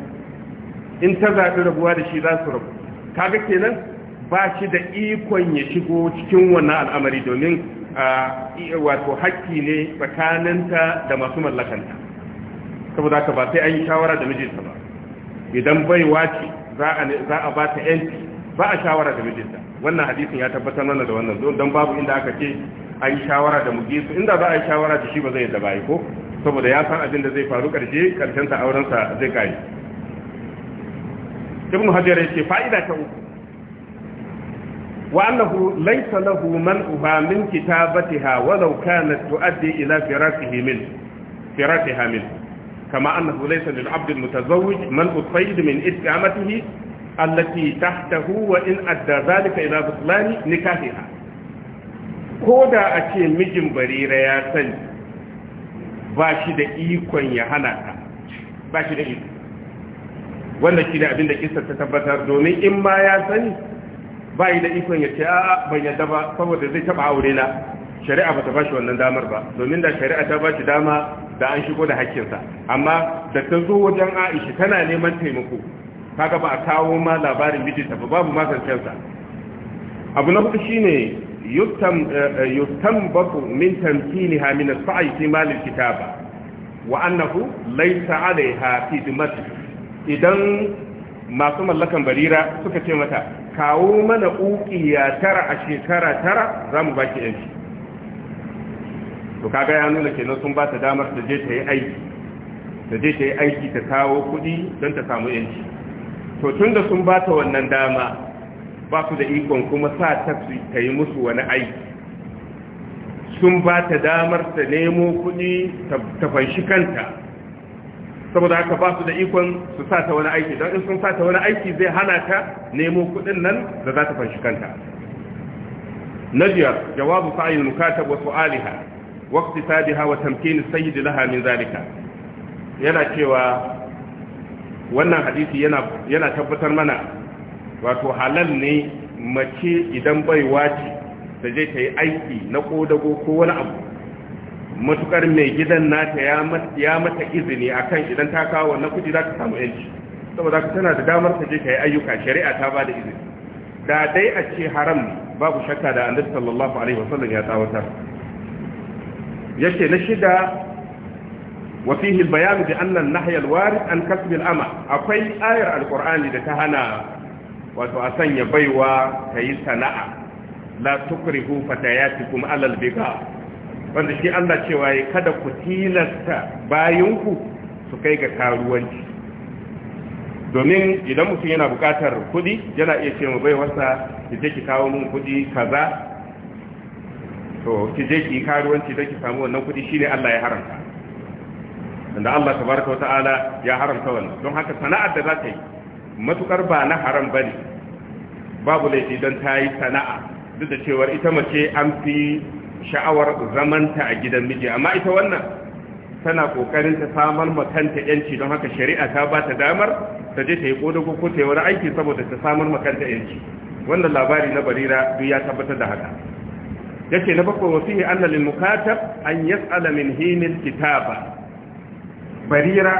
in ta zaɓi rabuwa da shi za su rabu kaga kenan ba shi da ikon ya shigo cikin wannan al'amari domin wato haƙƙi ne tsakaninta da masu mallakanta saboda haka ba sai an yi shawara da mijinta ba idan baiwa ce za a ba ta yanci ba a shawara da mijinta wannan hadisin ya tabbatar mana da wannan don dan babu inda aka ce an yi shawara da mujisu inda za a yi shawara da shi ba zai yadda ba ko saboda ya san abin da zai faru karshe karshen sa auren sa zai kai ibn hajar yace fa'ida ta uku wa annahu laysa lahu uba min kitabatiha walau kanat tuaddi ila firatihi min firatiha min كما أنه ليس للعبد المتزوج ملء الصيد من إسلامته التي تحته وإن أدى ذلك إلى بطلان نكاحها كودا أتي مجن بريرة يا سن باشي دا إيكوان يهاناتا باشي دا إيكوان wanda shi da abin da kisa ta tabbatar domin in ma ya sani ba yi da ikon ya ce a ban yadda ba saboda zai taba aure na shari'a ba ta ba wannan damar ba domin da shari'a ta bashi dama da an shigo da hakkinsa amma da ta zo wajen aisha tana neman taimako kaga ba a kawo ma labarin mijinta ba babu masancensa abu na hudu shine yustam eh, baku min tamkini min min sa'i fi al kitaba wa annahu laysa 'alayha fi idan masu mallakan barira suka ce mata kawo mana uqiya tara a shekara tara zamu baki yanci to kaga ya nuna kenan sun ba ta damar ta je ta yi aiki ta je ta yi aiki ta kawo kudi don ta samu yanci to tun da sun ba ta wannan dama ba su da ikon kuma sa ta ta yi musu wani aiki sun ba ta damar ta nemo kudi ta fanshi kanta saboda haka ba su da ikon su sa ta wani aiki don in sun sa ta wani aiki zai hana ta nemo kudin nan da za ta fanshi kanta na biyar jawabu sa'ayin mukatab wa واقتصادها وتمكين السيد لها من ذلك yana cewa wannan hadisi yana tabbatar mana wato halal ne mace idan bai ce da zai ta yi aiki na kodago ko wani abu matukar mai gidan nata ya mata izini akan idan ta kawo wannan kudi za ta samu yanci saboda ka tana da damar ta je ta yi ayyuka shari'a ta ba da izini da dai a ce haram babu shakka da annabi sallallahu alaihi wasallam ya tsawatar yake na shida wa fihi da bi nahyal an warid an kasb al-ama akwai ayar alqur'ani da ta hana wato a sanya baiwa tayi sana'a la tukrihu fatayatikum ala al-bika wanda shi Allah cewa ya kada ku tilasta bayinku su kai ga karuwanci domin idan mutum yana bukatar kudi yana iya ce mu baiwarsa ki je ki kawo mun kudi kaza to ki je ki karuwanci don ki samu wannan kuɗi shine Allah ya haramta inda Allah tabaraka wa ta'ala ya haramta wannan don haka sana'ar da za ta yi matukar ba na haram bane babu laifi don ta yi sana'a duk da cewar ita mace an fi sha'awar zamanta a gidan miji amma ita wannan tana kokarin ta samar ma kanta yanci don haka shari'a ta ba ta damar ta je ta yi kodogo ko ta yi wani aiki saboda ta samar ma kanta yanci wannan labari na barira duk ya tabbatar da haka yace na bakwai wasihi anna lil mukatab an yas'ala min hinil kitaba barira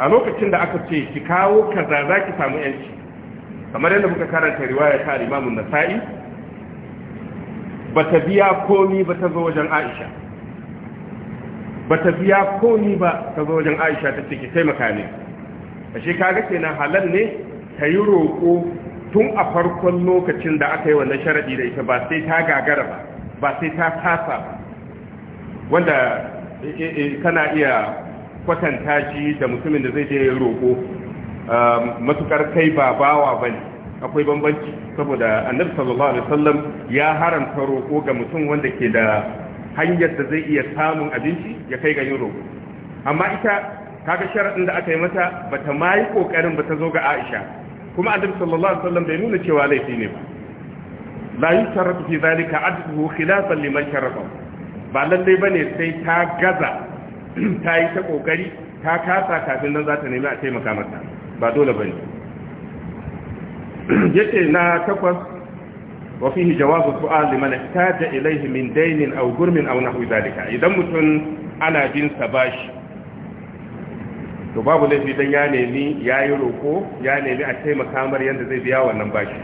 a lokacin da aka ce ki kawo kaza zaki samu yanci kamar yadda muka karanta riwaya ta Imam nasai bata biya komi ba ta zo wajen Aisha bata biya komi ba ta zo wajen Aisha ta ce ki taimaka ne ashe kaga kenan halal ne ta yi roƙo tun a farkon lokacin da aka yi wannan sharadi da ita ba sai ta gagara ba ba sai ta kasa ba wanda kana iya kwatanta shi da mutumin da zai je roƙo um, matukar kai ba bawa ba ne akwai bambanci saboda annabi sallallahu alaihi wasallam ya haramta roƙo ga mutum wanda ke da hanyar da zai iya samun abinci ya kai ga yin roƙo amma ita kaga sharaɗin da aka yi mata bata ma kokarin bata zo ga Aisha kuma annabi sallallahu alaihi wasallam bai nuna cewa laifi ne ba la yusharatu fi zalika khilafan liman sharafa ba lalle bane sai ta gaza ta yi ta kokari ta kasa kafin nan za ta nemi a taimaka mata ba dole bane yace na takwas wa fihi jawabu su'al liman ihtaja ilayhi min daynin aw gurmin aw nahwi zalika idan mutun ana bin sa bashi to babu laifi dan ya nemi yayi roko ya nemi a taimaka mar yanda zai biya wannan bashi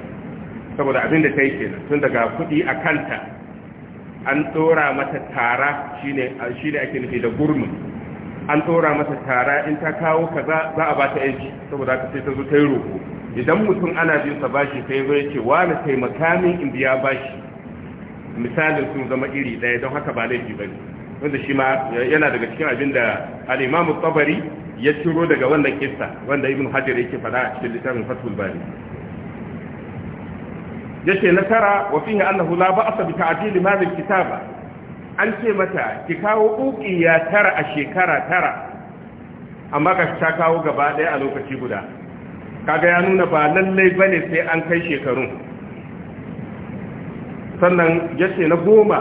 saboda abin da ta yi kenan tun daga kuɗi a kanta an tsora mata tara shi ne ake nufi da gurmi an tsora mata tara in ta kawo kaza za a ba ta yanci saboda ka sai ta zo ta yi roƙo idan mutum ana bin sa bashi sai zai ce wani taimaka min in biya bashi misalin sun zama iri ɗaya don haka ba laifi ba ne wanda shi ma yana daga cikin abin da al'imamu tsabari ya ciro daga wannan kissa wanda ibn hajar yake faɗa a cikin littafin fatul bari yace na tara wa fihi annahu la ba'sa bi ta'dil ma bil kitaba an ce mata ki kawo uki ya tara a shekara tara amma ka ta kawo gaba daya a lokaci guda kaga ya nuna ba lallai bane sai an kai shekarun sannan yace na goma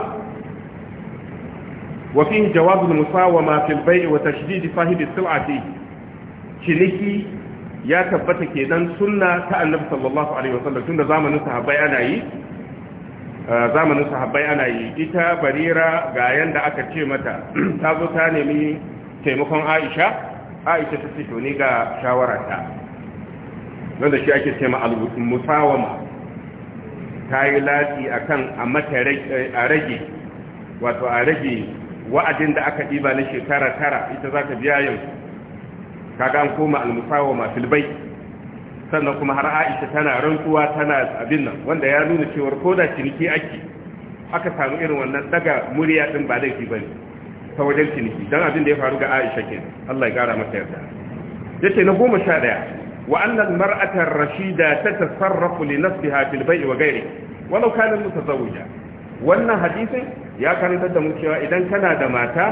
wa fihi jawabul musawama fil bay'i wa tashdid fahid as-sil'ati ciniki ya tabbata kenan sunna ta annabi sallallahu alaihi wasallam tunda zamanin sahabbai ana yi eh, zamanin sahabbai ana yi ita barira ga yanda aka ce mata ta zo ta nemi taimakon aisha aisha ta ce to ni ga shawara ta wanda shi ake ce ma al-musawama ta yi lati akan a mata eh, a rage wato a rage wa'adin da aka ɗiba na shekara tara ita za ta biya yanzu kaga an koma almusawa musawama fil bai sannan kuma har Aisha tana rantsuwa tana abin nan wanda ya nuna cewa ko da ciniki ake aka samu irin wannan daga murya din ba laifi bane ta wajen ciniki dan abin da ya faru ga Aisha ke Allah ya gara mata yarda yace na goma sha daya wa annal mar'ata ar-rashida tatasarrafu li nafsiha fil bai wa ghairi walau kana wannan hadisin ya karantar da mu cewa idan kana da mata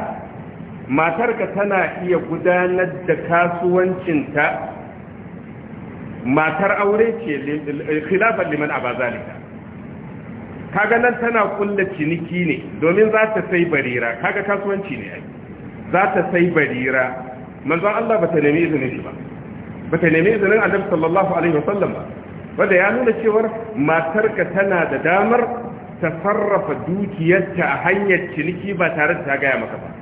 matarka tana iya gudanar da kasuwancinta matar aure ce khilafan liman abazalika kaga nan tana kulla ciniki ne domin za ta sai barira kaga kasuwanci ne ai za ta sai barira manzon Allah bata nemi izinin shi ba bata nemi izinin Annabi sallallahu alaihi wasallam ba wanda ya nuna cewar matarka tana da damar ta sarrafa dukiyarta a hanyar ciniki ba tare da ta gaya maka ba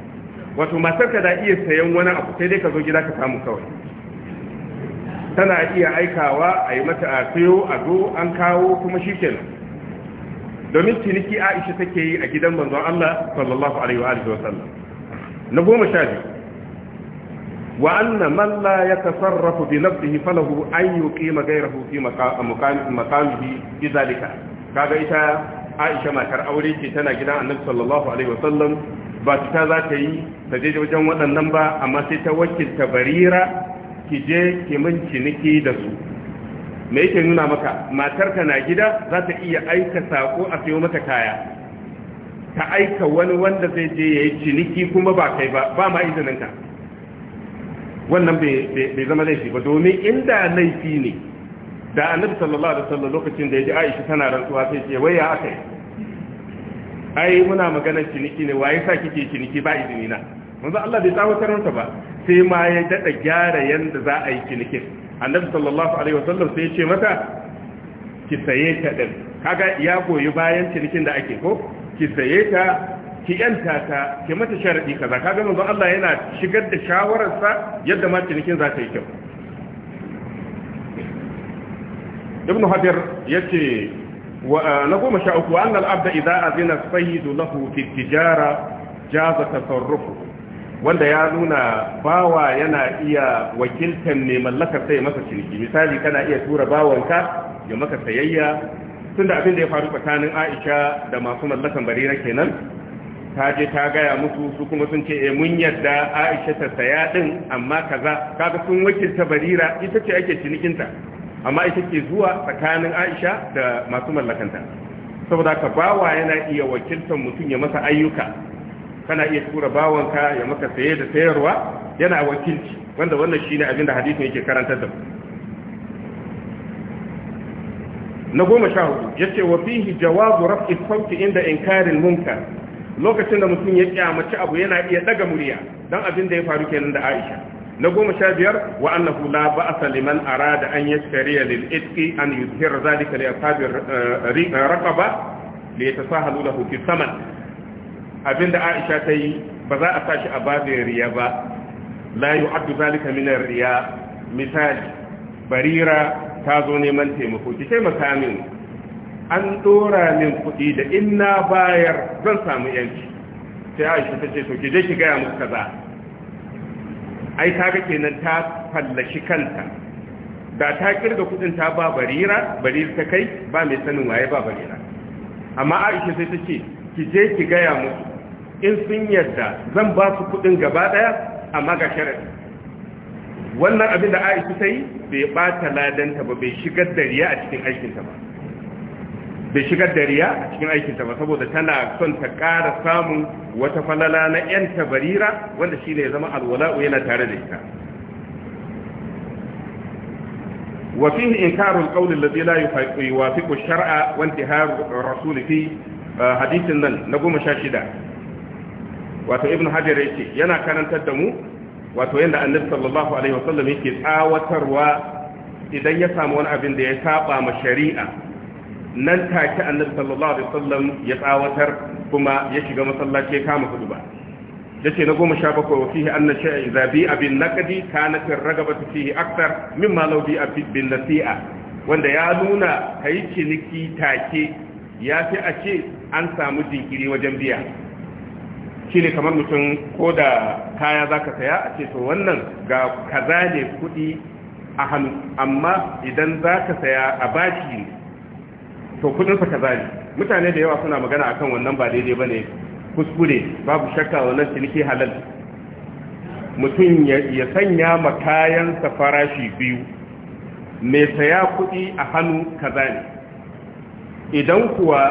wato matarka da iya sayan wani abu sai dai ka zo gida ka samu kawai tana iya aikawa a yi mata a sayo a zo an kawo kuma shi kenan domin ciniki aisha take yi a gidan manzon Allah sallallahu alaihi wa alihi wasallam na goma sha biyu wa anna man la yatasarrafu bi nafsihi falahu an yuqima ghayrahu fi maqamihi bidhalika kaga ita Aisha matar aure ce tana gidan Annabi sallallahu alaihi ba ta za ta yi ta je wajen waɗannan ba amma sai ta wakilta barira ki je ki min ciniki da su me yake nuna maka matarka na gida za ta iya aika sako a sayo mata kaya ta aika wani wanda zai je ya yi ciniki kuma ba kai ba ba ma ka. wannan bai zama laifi ba domin inda laifi ne da annabi sallallahu alaihi wasallam lokacin da ya ji Aisha tana rantsuwa sai ce wai ya akai ai muna magana ciniki ne waye sa kike ciniki ba izini na manzo Allah bai tsawatar mata ba sai ma ya dada gyara yanda za a yi cinikin annabi sallallahu alaihi wasallam sai ya ce mata ki saye ta din kaga ya goyi bayan cinikin da ake ko ki saye ta ki yanta ta ki mata sharadi kaza kaga manzo Allah yana shigar da shawararsa yadda ma cinikin za ta yi kyau ibn hadir yace Eh, na goma sha uku annal abda idza azina sayyidu lahu fi tijara jaza tasarrufu wanda ya nuna bawa yana iya wakiltan ne mallakar sai masa ciniki misali kana iya tura bawanka ya maka sayayya tunda abin da ya faru tsakanin Aisha da masu mallakan barira kenan ta je ta gaya musu su kuma sun ce eh mun yadda Aisha ta saya din amma kaza kaga sun wakilta barira ita ce ake cinikinta amma ita ke zuwa tsakanin aisha da masu mallakanta saboda ka bawa yana iya wakiltar mutum ya masa ayyuka kana iya tura bawanka ya maka saye da sayarwa yana wakilci wanda wannan shine abin da hadisin yake karantar da na goma sha hudu ya ce wa fihi jawabu raf'i sauti inda inkarin munkar lokacin da mutum ya kyamaci abu yana iya daga murya don abin da ya faru kenan da aisha na goma sha biyar wa annahu la ba'asa liman arada an yashtariya lil itqi an yuzhira zalika li ashabi eh, eh, raqaba li yatasahalu lahu fi saman abinda Aisha ta ba za a sashi a babin riya ba la yu'addu zalika min riya misali barira ta zo neman taimako ki taimaka min an dora min kuɗi da in na bayar zan samu yanci sai Aisha ta ce to ki je ki ga muku kaza ai ta ga kenan ta fallashi kanta da ta kirga kudin ta ba barira barira ta kai ba mai sanin waye ba barira amma aisha sai ta ce ki je ki gaya musu in sun yarda zan ba su kudin gaba daya amma ga sharadi wannan abin da aisha ta yi bai bata ladanta ba bai shigar da riya a cikin aikinta ba bai shigar da riya a cikin aikinta ba saboda tana son ta ƙara samun wata falala na 'yan tabarira wanda shi ne zama alwala'u yana tare da ita wafin inkarun ƙaunin lazi la yi wafi ku shar'a wanda har rasuli fi uh, hadisin nan na goma sha shida wato ibn hajar yake yana karantar da mu wato yadda annabi sallallahu alaihi wasallam yake tsawatarwa idan ya samu wani abin da ya saba ma shari'a nan take annabi sallallahu alaihi wasallam ya tsawatar kuma ya shiga masallaci ya kama hudu ba yace na goma sha bakwai wa fihi anna shay'a idza bi'a bin naqdi kanat ar-ragabatu fihi akthar mimma law bi'a bin nasi'a wanda ya nuna kai ciniki take ya fi a ce an samu jinkiri wajen biya shine kamar mutum ko da kaya zaka saya a ce to wannan ga kaza ne kuɗi a hannu amma idan zaka saya a bashi to kudin ka kaza ne mutane da yawa suna magana akan wannan ba daidai bane kuskure babu shakka wannan ciniki halal mutum ya sanya ma kayansa farashi biyu mai saya kuɗi a hannu kaza ne idan kuwa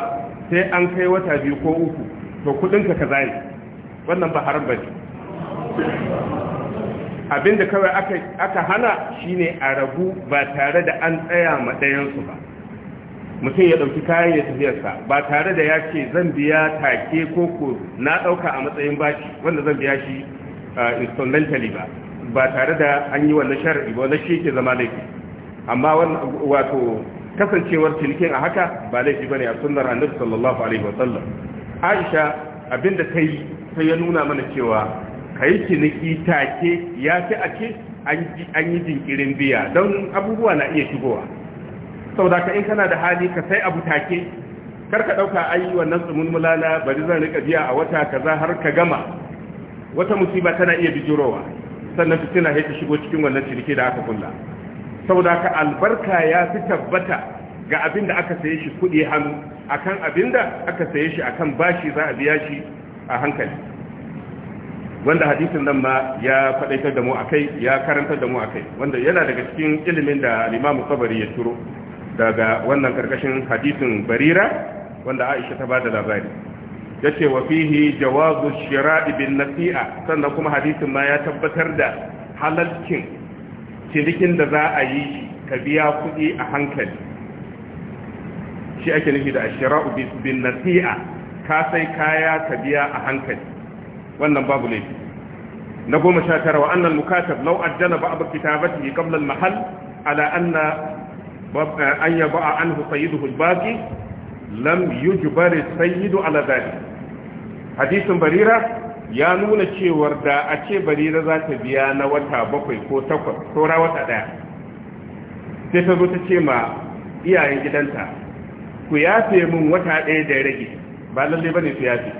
sai an kai wata biyu ko uku to ka kaza ne wannan ba haram bane abinda kawai aka hana shine a rabu ba tare da an tsaya ma ɗayansu ba mutum ya ɗauki kayan ya tafiyarsa ba tare da ya ce zan biya take ko ko na ɗauka a matsayin bashi wanda zan biya shi instrumentally ba ba tare da an yi wannan shari'a, ba wannan shi ke zama laifi amma wato kasancewar cinikin a haka ba laifi bane a sunnar annabi sallallahu alaihi wa sallam aisha abinda ta yi sai ya nuna mana cewa kai ciniki take ya fi ake an yi jinkirin biya don abubuwa na iya shigowa saboda ka in kana da hali ka sai abu take kar ka dauka ai wannan tsumin mulala bari zan rika biya a wata kaza har ka gama wata musiba tana iya bijirowa sannan fitina sai shigo cikin wannan ciniki da aka kulla saboda ka albarka ya fi tabbata ga abin da aka saye shi kudi hannu akan abin da aka saye shi akan bashi za a biya shi a hankali wanda hadisin nan ma ya faɗaitar da mu akai ya karantar da mu akai wanda yana daga cikin ilimin da limamu kabari ya turo daga wannan karkashin hadisin barira wanda aisha ta da labari ya ce wa fihi jawazu shira'i bin nasi'a sannan kuma hadisin ma ya tabbatar da halalcin cinikin da za a yi ka biya kuɗi a hankali shi ake nufi da shira'u bin nasi'a ka sai kaya ka biya a hankali wannan babu laifi na goma sha tara wa annal mukatab law ajjala ba'd kitabatihi qabla al-mahall ala anna an yaba a an sayyidu hulbaki lam yujbari sayyidu sayidu zali hadisun barira ya nuna cewar da a ce barira za ta biya na wata bakwai ko takwas saura wata daya sai ta zo ta ce ma iyayen gidanta ku yafe mun wata ɗaya da ya rage ba lalle ba ne su yafe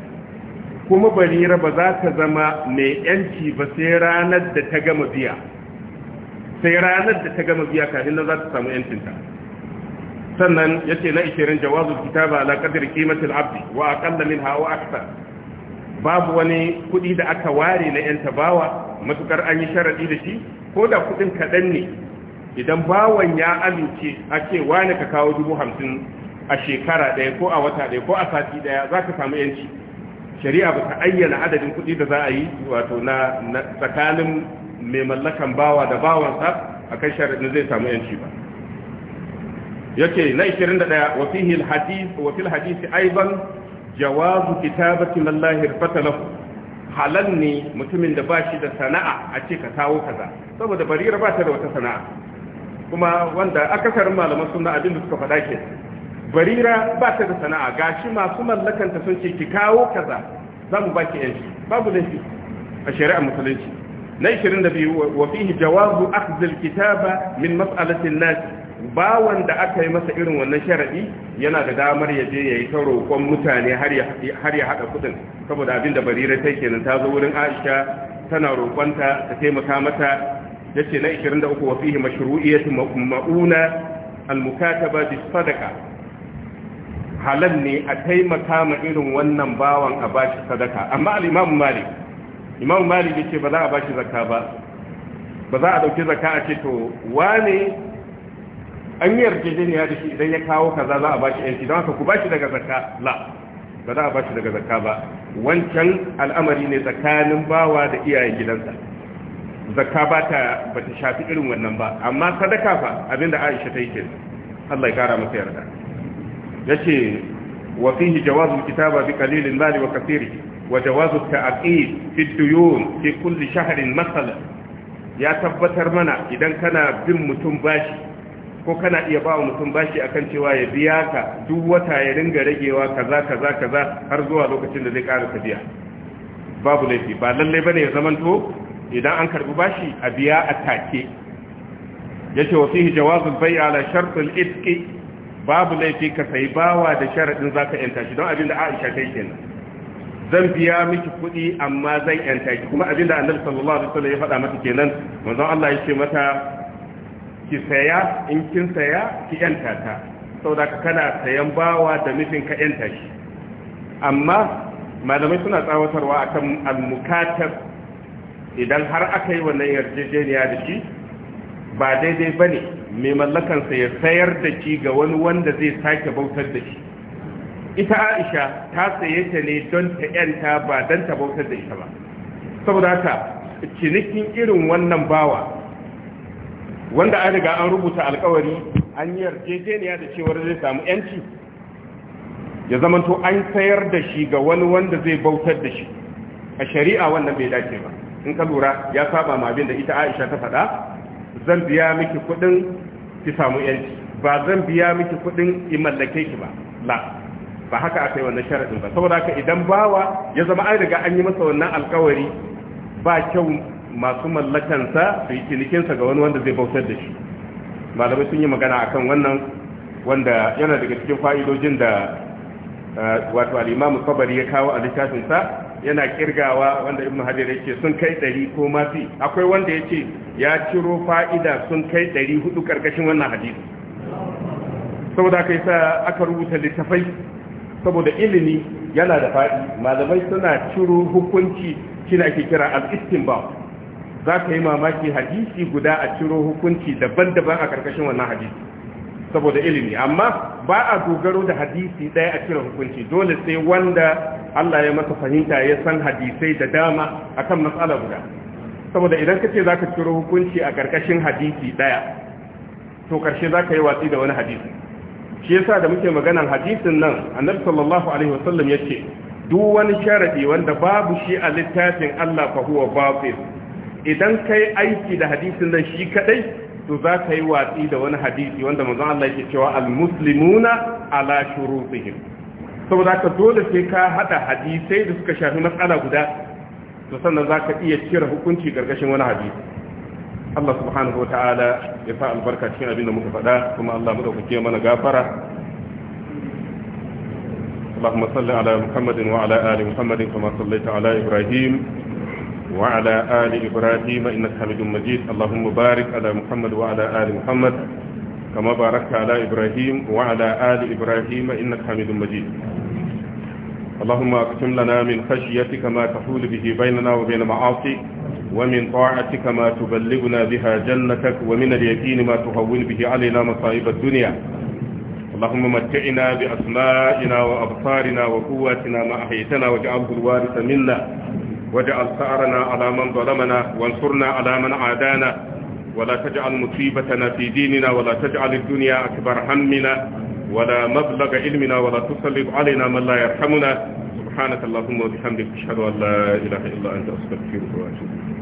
kuma barira ba za ta zama mai yanci ba sai ranar da ta gama biya sai ranar da ta gama biya kafin nan za ta samu yancinta sannan ya ce na ishirin jawazu kitaba ala qadri qimatil abdi wa aqalla minha wa akthar babu wani kuɗi da aka ware na yan bawa matukar an yi sharadi da shi ko da kuɗin kaɗan ne idan bawan ya amince a ce wani ka kawo dubu hamsin a shekara ɗaya ko a wata ɗaya ko a sati ɗaya za ka samu yanci shari'a ba ta ayyana adadin kuɗi da za a yi wato na tsakanin mai mallakan bawa da bawansa a kan sharaɗin zai samu yanci ba yake na 21 wa fihi alhadith wa fil hadith aidan jawazu kitabati lillahi fatalahu halal ne mutumin da ba shi da sana'a a ce ka kawo kaza saboda barira ba ta da wata sana'a kuma wanda akasarin malaman suna abin da suka faɗa ke barira ba ta da sana'a Ga shi masu mallakanta sun ce ki kawo kaza za mu ki yanci babu laifi a shari'ar musulunci na 22 wa fihi jawazu akhdh alkitaba min mas'alati an bawan da aka yi masa irin wannan sharadi yana da damar ya je yayi ta roƙon mutane har ya har ya saboda abin da barira take kenan ta zo wurin Aisha tana roƙonta ta taimaka mata yace na 23 wa fihi mashru'iyyatu ma'una al-mukataba bis sadaqa halal ne a taimaka ma irin wannan bawan a bashi sadaka amma al-imam Malik imam malik yace ba za a shi zakka ba ba za a dauki zakka a ce to wane an yi yarjejeniya da shi idan ya kawo kaza za a shi yanci don haka ku shi daga zakka la ba za a shi daga zakka ba wancan al'amari ne tsakanin bawa da iyayen gidansa zakka ba ta ba ta shafi irin wannan ba amma sadaka fa abinda Aisha ta yi ke Allah ya kara masa yarda yace wa fihi jawazu kitaba bi qalilin mali wa kathiri وجواز التعقيد في الديون في كل شهر مثلا ya tabbatar mana idan kana bin mutum bashi ko kana iya ba mutum bashi akan cewa ya biya ka duk wata ya ringa ragewa kaza kaza kaza har zuwa lokacin da zai ƙara biya babu laifi ba lallai bane ya zamanto idan an karbi bashi a biya a take yace wa fihi jawazul bai'a ala shartul itqi babu laifi ka sai bawa da sharadin zaka yanta shi don abin da Aisha ta yi kenan zan biya miki kuɗi amma zan yanta ki kuma abinda annabi sallallahu alaihi wasallam ya faɗa mata kenan manzon Allah ya ce mata ki saya in kin saya ki yanta ta saboda ka kana sayan bawa da nufin ka yanta shi amma malamai suna tsawatarwa akan al-mukatab idan har aka yi wannan yarjejeniya da shi ba daidai bane mai mallakansa ya sayar da shi ga wani wanda zai sake bautar da shi ita aisha ta saye ta ne don ta yanta ba don ta bautar da ita ba saboda haka cinikin irin wannan bawa wanda an riga an rubuta alkawari an yi yarjejeniya da cewar zai samu yanci ya zamanto an sayar da shi ga wani wanda zai bautar da shi a shari'a wannan bai dace ba in ka lura ya saba ma abin da ita aisha ta faɗa zan biya miki kuɗin ki samu yanci ba zan biya miki kuɗin in mallake ki ba la ba haka aka yi wannan sharadin ba saboda haka idan bawa ya zama an riga an yi masa wannan alkawari ba kyau masu mallakansa su yi cinikinsa ga wani wanda zai bautar da shi malamai sun yi magana akan wannan wanda yana daga cikin fa'idojin da eh, wato al'imamu kabari ya kawo a littafinsa yana kirgawa wanda ibn hajar yake sun kai ɗari ko mafi akwai wanda ya ce ya ciro fa'ida sun kai ɗari hudu karkashin wannan hadisi saboda kai sa aka rubuta littafai saboda ilimi yana da faɗi malamai suna ciro hukunci ne ake kira al istinba za ka yi mamaki hadisi guda a ciro hukunci daban-daban a karkashin wannan hadisi saboda ilimi amma ba a dogaro da hadisi ɗaya a cire hukunci dole sai wanda Allah ya masa fahimta ya san hadisai da dama akan matsala guda saboda idan ka ce za ka ciro hukunci a karkashin hadisi ɗaya to karshe za ka yi watsi da wani hadisi shi yasa da muke maganan hadisin nan annabi sallallahu alaihi wasallam yace duk wani sharadi wanda babu shi a littafin Allah fa huwa batil idan kai aiki da hadisin nan shi kadai to za ka yi watsi da wani hadisi wanda manzo Allah yake cewa al-muslimuna ala shurutihim saboda ka dole sai ka hada hadisai da suka shafi matsala guda to sannan za ka iya cire hukunci gargashin wani hadisi Allah subhanahu wata'ala ya sa albarka cikin abin da muka faɗa kuma Allah mu dauke mana gafara اللهم صل على محمد وعلى آل محمد كما صليت على إبراهيم وعلى آل إبراهيم إنك حميد مجيد اللهم بارك على محمد وعلى آل محمد كما باركت على إبراهيم وعلى آل إبراهيم إنك حميد مجيد اللهم اقسم لنا من خشيتك ما تحول به بيننا وبين معاصيك ومن طاعتك ما تبلغنا بها جنتك ومن اليقين ما تهون به علينا مصائب الدنيا اللهم متعنا بأسمائنا وأبصارنا وقواتنا ما أحيتنا واجعله الوارث منا واجعل ثأرنا على من ظلمنا وانصرنا على من عادانا ولا تجعل مصيبتنا في ديننا ولا تجعل الدنيا أكبر همنا ولا مبلغ علمنا ولا تسلط علينا من لا يرحمنا سبحانك اللهم وبحمدك اشهد ان لا اله الا انت استغفرك واتوب اليك